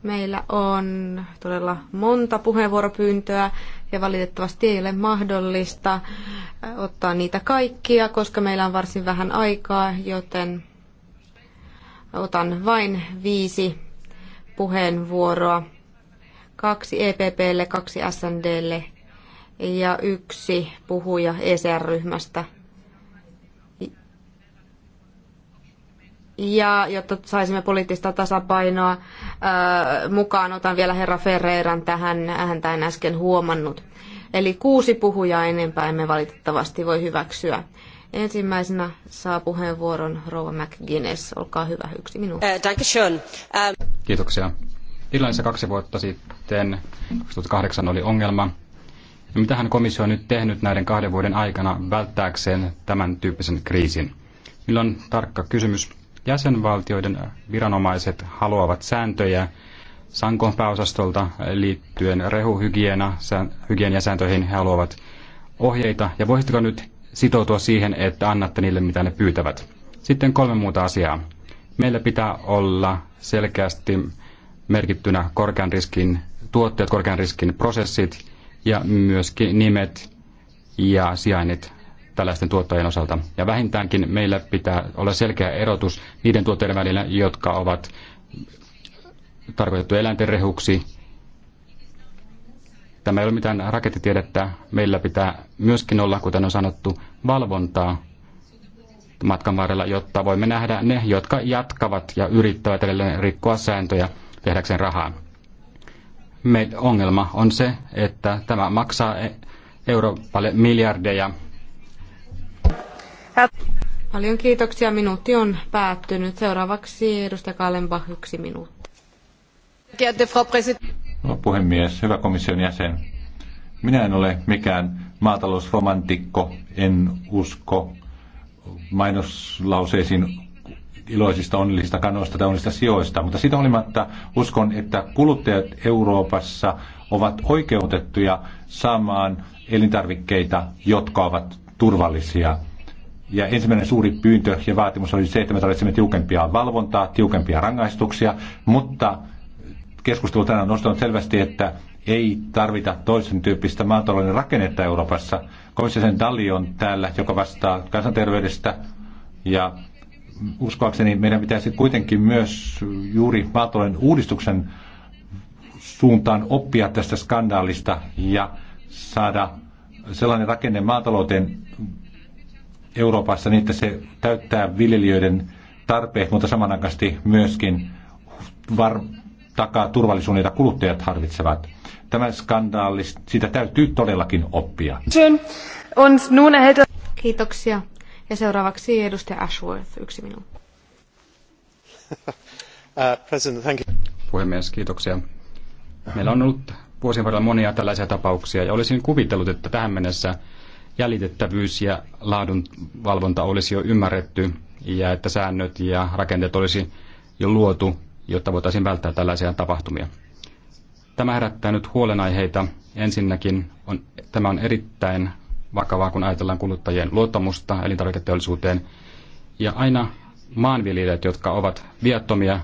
Meillä on todella monta puheenvuoropyyntöä ja valitettavasti ei ole mahdollista äh, ottaa niitä kaikkia, koska meillä on varsin vähän aikaa, joten otan vain viisi puheenvuoroa. Kaksi EPPlle, kaksi SNDlle ja yksi puhuja ECR-ryhmästä. Ja jotta saisimme poliittista tasapainoa mukaan, otan vielä herra Ferreiran tähän, häntä en äsken huomannut. Eli kuusi puhujaa enempää emme valitettavasti voi hyväksyä. Ensimmäisenä saa puheenvuoron Rova McGuinness. Olkaa hyvä, yksi minuutti. Kiitoksia. Irlannissa kaksi vuotta sitten, 2008 oli ongelma. Ja mitähän komissio on nyt tehnyt näiden kahden vuoden aikana välttääkseen tämän tyyppisen kriisin? Milloin tarkka kysymys? Jäsenvaltioiden viranomaiset haluavat sääntöjä Sankon pääosastolta liittyen rehuhygieniasääntöihin. He haluavat ohjeita. Ja voisitteko nyt sitoutua siihen, että annatte niille, mitä ne pyytävät? Sitten kolme muuta asiaa. Meillä pitää olla selkeästi merkittynä korkean riskin tuotteet, korkean riskin prosessit ja myöskin nimet ja sijainnit tällaisten tuottajien osalta. Ja vähintäänkin meillä pitää olla selkeä erotus niiden tuotteiden välillä, jotka ovat tarkoitettu eläinten rehuksi. Tämä ei ole mitään rakettitiedettä. Meillä pitää myöskin olla, kuten on sanottu, valvontaa matkan varrella, jotta voimme nähdä ne, jotka jatkavat ja yrittävät edelleen rikkoa sääntöjä tehdäkseen rahaa. Meidän ongelma on se, että tämä maksaa e- Euroopalle miljardeja Paljon kiitoksia. Minuutti on päättynyt. Seuraavaksi edustaja yksi minuutti. No, puhemies, hyvä komission jäsen. Minä en ole mikään maatalousromantikko, en usko mainoslauseisiin iloisista, onnellisista kanoista tai onnellisista sijoista, mutta siitä olimatta uskon, että kuluttajat Euroopassa ovat oikeutettuja saamaan elintarvikkeita, jotka ovat turvallisia – ja ensimmäinen suuri pyyntö ja vaatimus oli se, että me tarvitsemme tiukempia valvontaa, tiukempia rangaistuksia, mutta keskustelu tänään on nostanut selvästi, että ei tarvita toisen tyyppistä maatalouden rakennetta Euroopassa. Komission Dalli on täällä, joka vastaa kansanterveydestä ja uskoakseni meidän pitäisi kuitenkin myös juuri maatalouden uudistuksen suuntaan oppia tästä skandaalista ja saada sellainen rakenne maatalouteen, Euroopassa niin, että se täyttää viljelijöiden tarpeet, mutta samanaikaisesti myöskin var- takaa turvallisuuden, jota kuluttajat harvitsevat. Tämä skandaali, sitä täytyy todellakin oppia. Er- kiitoksia. Ja seuraavaksi edustaja Ashworth, yksi minuutti. Uh, Puhemies, kiitoksia. Meillä on ollut vuosien varrella monia tällaisia tapauksia ja olisin kuvitellut, että tähän mennessä jäljitettävyys ja laadunvalvonta olisi jo ymmärretty ja että säännöt ja rakenteet olisi jo luotu, jotta voitaisiin välttää tällaisia tapahtumia. Tämä herättää nyt huolenaiheita. Ensinnäkin on, tämä on erittäin vakavaa, kun ajatellaan kuluttajien luottamusta elintarviketeollisuuteen. Ja aina maanviljelijät, jotka ovat viattomia,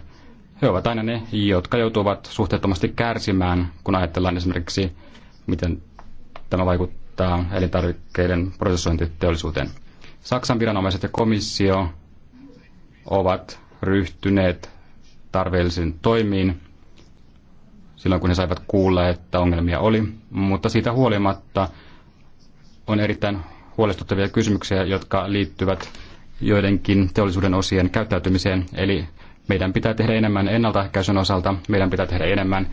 he ovat aina ne, jotka joutuvat suhteettomasti kärsimään, kun ajatellaan esimerkiksi, miten tämä vaikuttaa vaikuttaa elintarvikkeiden prosessointiteollisuuteen. Saksan viranomaiset ja komissio ovat ryhtyneet tarpeellisiin toimiin silloin, kun he saivat kuulla, että ongelmia oli, mutta siitä huolimatta on erittäin huolestuttavia kysymyksiä, jotka liittyvät joidenkin teollisuuden osien käyttäytymiseen. Eli meidän pitää tehdä enemmän ennaltaehkäisyn osalta, meidän pitää tehdä enemmän,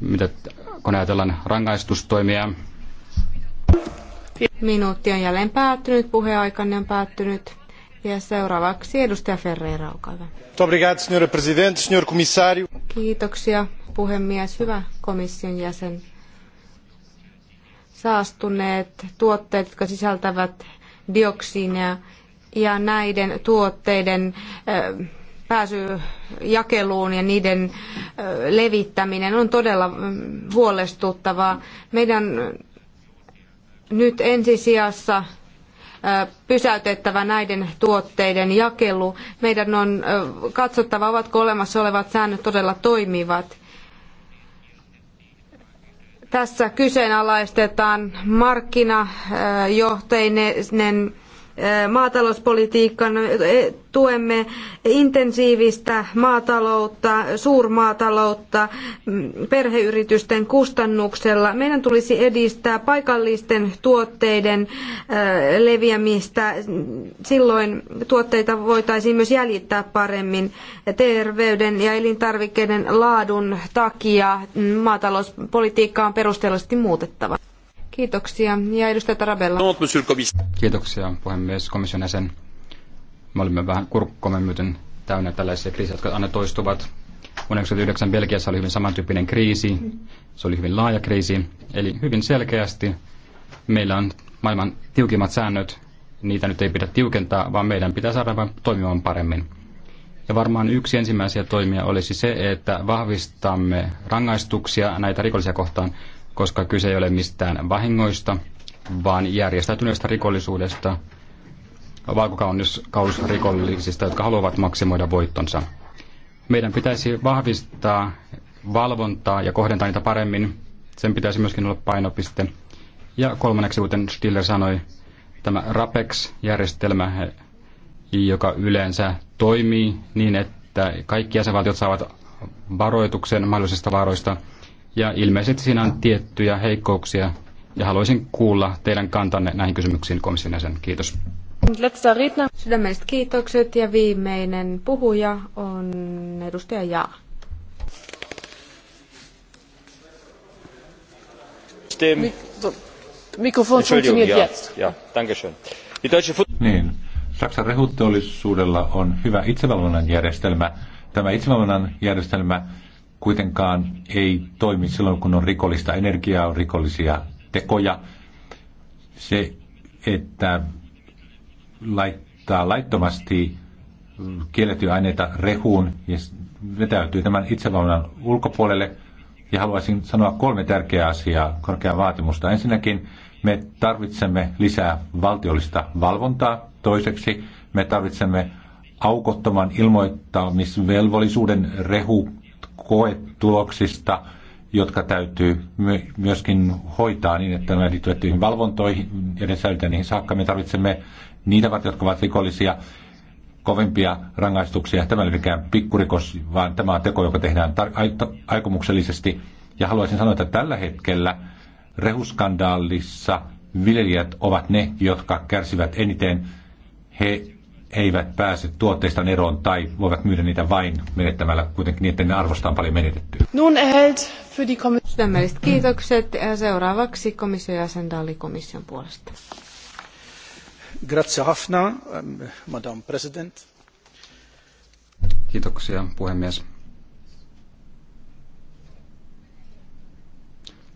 mitä kun ajatellaan rangaistustoimia, Minuutti on jälleen päättynyt, puheaikanne on päättynyt. Ja seuraavaksi edustaja Ferreira, olkaa hyvä. Kiitoksia puhemies, hyvä komission jäsen. Saastuneet tuotteet, jotka sisältävät dioksiineja ja näiden tuotteiden pääsy jakeluun ja niiden levittäminen on todella mm, huolestuttavaa. Meidän nyt ensisijassa pysäytettävä näiden tuotteiden jakelu. Meidän on katsottava, ovatko olemassa olevat säännöt todella toimivat. Tässä kyseenalaistetaan markkinajohteinen maatalouspolitiikan, e, tuemme intensiivistä maataloutta, suurmaataloutta perheyritysten kustannuksella. Meidän tulisi edistää paikallisten tuotteiden leviämistä. Silloin tuotteita voitaisiin myös jäljittää paremmin terveyden ja elintarvikkeiden laadun takia. Maatalouspolitiikka on perustellusti muutettava. Kiitoksia. Ja edustaja Tarabella. Kiitoksia puhemies komission jäsen. Me olimme vähän kurkkomme myöten täynnä tällaisia kriisejä, jotka aina toistuvat. Vuonna 1999 Belgiassa oli hyvin samantyyppinen kriisi. Se oli hyvin laaja kriisi. Eli hyvin selkeästi meillä on maailman tiukimmat säännöt. Niitä nyt ei pidä tiukentaa, vaan meidän pitää saada vain toimimaan paremmin. Ja varmaan yksi ensimmäisiä toimia olisi se, että vahvistamme rangaistuksia näitä rikollisia kohtaan, koska kyse ei ole mistään vahingoista, vaan järjestäytyneestä rikollisuudesta, valkokausrikollisista, jotka haluavat maksimoida voittonsa. Meidän pitäisi vahvistaa valvontaa ja kohdentaa niitä paremmin. Sen pitäisi myöskin olla painopiste. Ja kolmanneksi, kuten Stiller sanoi, tämä RAPEX-järjestelmä, joka yleensä toimii niin, että kaikki jäsenvaltiot saavat varoituksen mahdollisista varoista. Ja ilmeisesti siinä on tiettyjä heikkouksia, ja haluaisin kuulla teidän kantanne näihin kysymyksiin komission jäsen. Kiitos. Sydämelliset kiitokset ja viimeinen puhuja on edustaja Jaa. Mikrofon Niin. Saksan rehutteollisuudella on hyvä itsevalvonnan järjestelmä. Tämä itsevalvonnan järjestelmä kuitenkaan ei toimi silloin, kun on rikollista energiaa, on rikollisia tekoja. Se, että laittaa laittomasti kiellettyjä aineita rehuun ja vetäytyy tämän itsevallan ulkopuolelle. Ja haluaisin sanoa kolme tärkeää asiaa korkean vaatimusta. Ensinnäkin me tarvitsemme lisää valtiollista valvontaa. Toiseksi me tarvitsemme aukottoman ilmoittamisvelvollisuuden rehu koetuloksista, jotka täytyy myöskin hoitaa niin, että ne liittyvät niihin valvontoihin, edes säilytään niihin saakka. Me tarvitsemme niitä varten, jotka ovat rikollisia, kovempia rangaistuksia. Tämä ei ole mikään pikkurikos, vaan tämä on teko, joka tehdään aikomuksellisesti. Ja haluaisin sanoa, että tällä hetkellä rehuskandaalissa viljelijät ovat ne, jotka kärsivät eniten. He eivät pääse tuotteistaan eroon tai voivat myydä niitä vain menettämällä kuitenkin niin, että ne arvosta on paljon menetetty. Nun erhält für die Sydämelliset kiitokset ja seuraavaksi komission jäsen Dalli komission puolesta. Grazie hafna, ähm, madam president. Kiitoksia puhemies.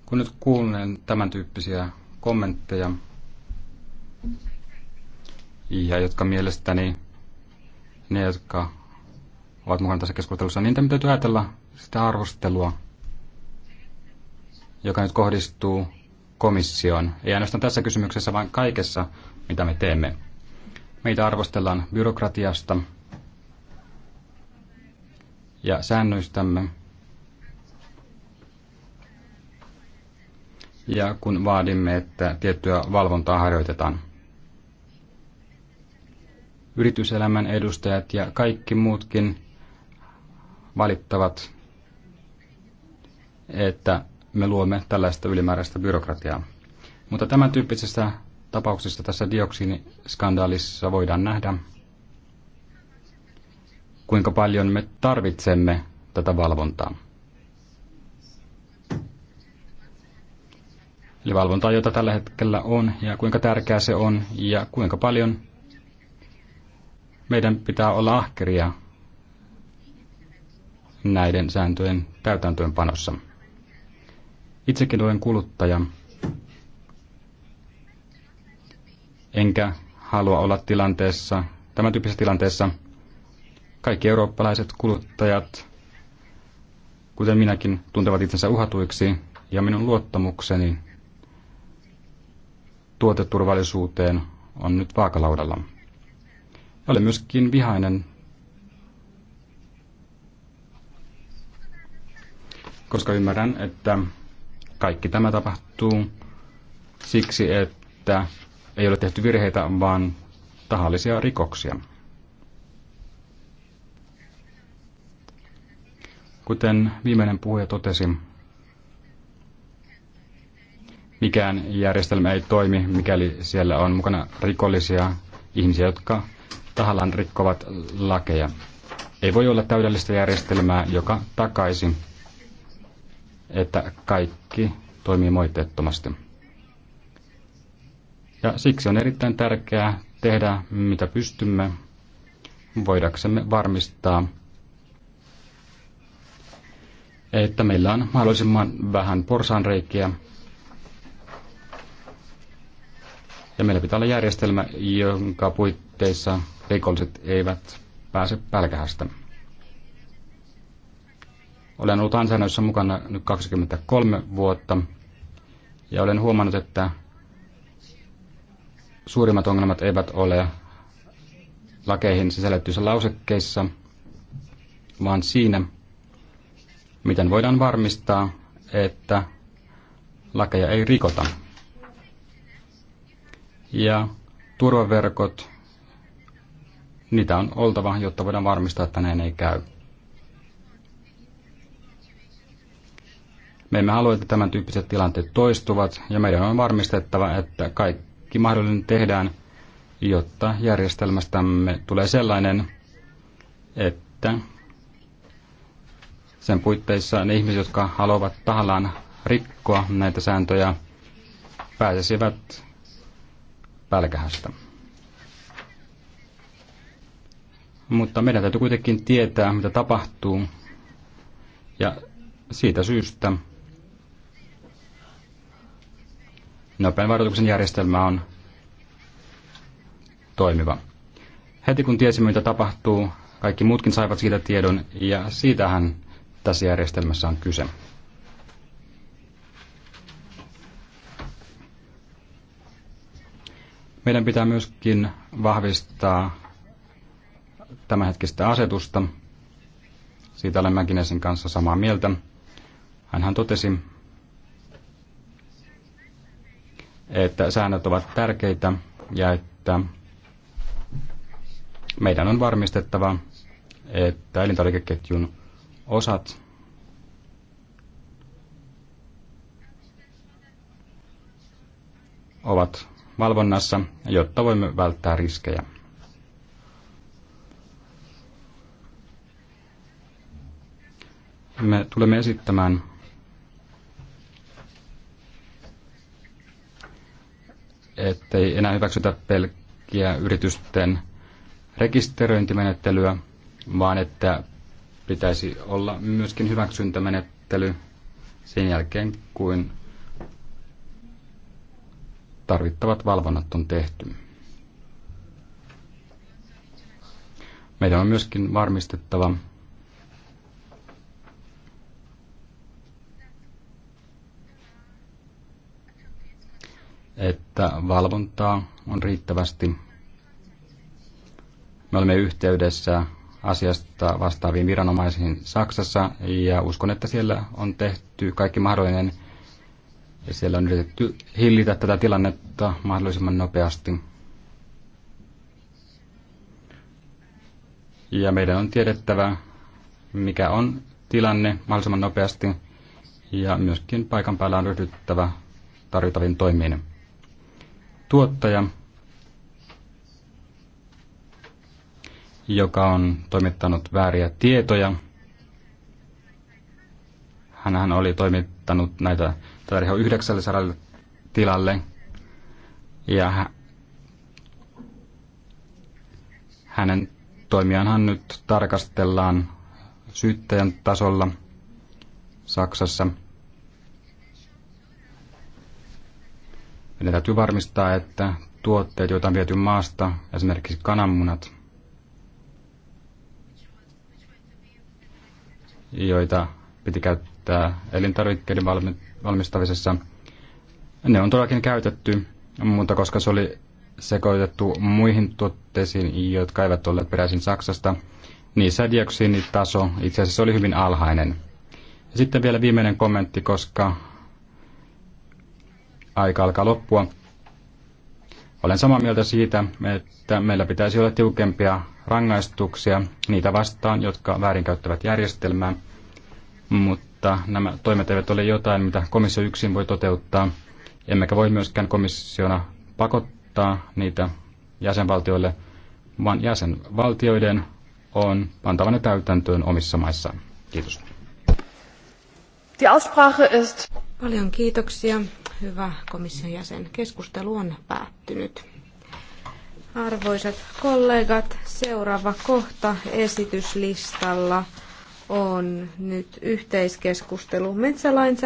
Kun nyt kuulen tämän tyyppisiä kommentteja, ja jotka mielestäni ne, jotka ovat mukana tässä keskustelussa, niin täytyy ajatella sitä arvostelua, joka nyt kohdistuu komissioon. Ei ainoastaan tässä kysymyksessä, vaan kaikessa, mitä me teemme. Meitä arvostellaan byrokratiasta ja säännöistämme. Ja kun vaadimme, että tiettyä valvontaa harjoitetaan – yrityselämän edustajat ja kaikki muutkin valittavat, että me luomme tällaista ylimääräistä byrokratiaa. Mutta tämän tyyppisessä tapauksessa tässä dioksiiniskandaalissa voidaan nähdä, kuinka paljon me tarvitsemme tätä valvontaa. Eli valvontaa, jota tällä hetkellä on, ja kuinka tärkeää se on, ja kuinka paljon meidän pitää olla ahkeria näiden sääntöjen panossa. Itsekin olen kuluttaja, enkä halua olla tilanteessa, tämän tyyppisessä tilanteessa. Kaikki eurooppalaiset kuluttajat, kuten minäkin, tuntevat itsensä uhatuiksi ja minun luottamukseni tuoteturvallisuuteen on nyt vaakalaudalla. Ja olen myöskin vihainen, koska ymmärrän, että kaikki tämä tapahtuu siksi, että ei ole tehty virheitä, vaan tahallisia rikoksia. Kuten viimeinen puhuja totesi, mikään järjestelmä ei toimi, mikäli siellä on mukana rikollisia ihmisiä, jotka tahallaan rikkovat lakeja. Ei voi olla täydellistä järjestelmää, joka takaisi, että kaikki toimii moitteettomasti. Ja siksi on erittäin tärkeää tehdä, mitä pystymme, voidaksemme varmistaa, että meillä on mahdollisimman vähän porsaanreikiä. Ja meillä pitää olla järjestelmä, jonka puitteissa rikolliset eivät pääse pälkähästä. Olen ollut ansainnoissa mukana nyt 23 vuotta ja olen huomannut, että suurimmat ongelmat eivät ole lakeihin sisällettyissä lausekkeissa, vaan siinä, miten voidaan varmistaa, että lakeja ei rikota. Ja turvaverkot Niitä on oltava, jotta voidaan varmistaa, että näin ei käy. Me emme halua, että tämän tyyppiset tilanteet toistuvat, ja meidän on varmistettava, että kaikki mahdollinen tehdään, jotta järjestelmästämme tulee sellainen, että sen puitteissa ne ihmiset, jotka haluavat tahallaan rikkoa näitä sääntöjä, pääsisivät pälkähästä. Mutta meidän täytyy kuitenkin tietää, mitä tapahtuu. Ja siitä syystä nopean varoituksen järjestelmä on toimiva. Heti kun tiesimme, mitä tapahtuu, kaikki muutkin saivat siitä tiedon, ja siitähän tässä järjestelmässä on kyse. Meidän pitää myöskin vahvistaa tämänhetkistä asetusta. Siitä olen Mäkinesin kanssa samaa mieltä. Hänhän totesi, että säännöt ovat tärkeitä ja että meidän on varmistettava, että elintarvikeketjun osat ovat valvonnassa, jotta voimme välttää riskejä. me tulemme esittämään ettei enää hyväksytä pelkkiä yritysten rekisteröintimenettelyä, vaan että pitäisi olla myöskin hyväksyntämenettely sen jälkeen, kuin tarvittavat valvonnat on tehty. Meidän on myöskin varmistettava, että valvontaa on riittävästi. Me olemme yhteydessä asiasta vastaaviin viranomaisiin Saksassa ja uskon, että siellä on tehty kaikki mahdollinen ja siellä on yritetty hillitä tätä tilannetta mahdollisimman nopeasti. Ja meidän on tiedettävä, mikä on tilanne mahdollisimman nopeasti ja myöskin paikan päällä on ryhdyttävä tarjottaviin toimiin tuottaja, joka on toimittanut vääriä tietoja. Hänhän oli toimittanut näitä tarjoa 900 tilalle. Ja hänen toimianhan nyt tarkastellaan syyttäjän tasolla Saksassa – Meidän täytyy varmistaa, että tuotteet, joita on viety maasta, esimerkiksi kananmunat, joita piti käyttää elintarvikkeiden valmistamisessa, ne on todellakin käytetty, mutta koska se oli sekoitettu muihin tuotteisiin, jotka eivät olleet peräisin Saksasta, niissä dioksiinitaso itse asiassa oli hyvin alhainen. Ja sitten vielä viimeinen kommentti, koska aika alkaa loppua. Olen samaa mieltä siitä, että meillä pitäisi olla tiukempia rangaistuksia niitä vastaan, jotka väärinkäyttävät järjestelmää, mutta nämä toimet eivät ole jotain, mitä komissio yksin voi toteuttaa, emmekä voi myöskään komissiona pakottaa niitä jäsenvaltioille, vaan jäsenvaltioiden on pantava ne täytäntöön omissa maissaan. Kiitos. Die Aussprache ist Paljon kiitoksia, hyvä komission jäsen. Keskustelu on päättynyt. Arvoisat kollegat, seuraava kohta esityslistalla on nyt yhteiskeskustelu metsälainsäädännöstä.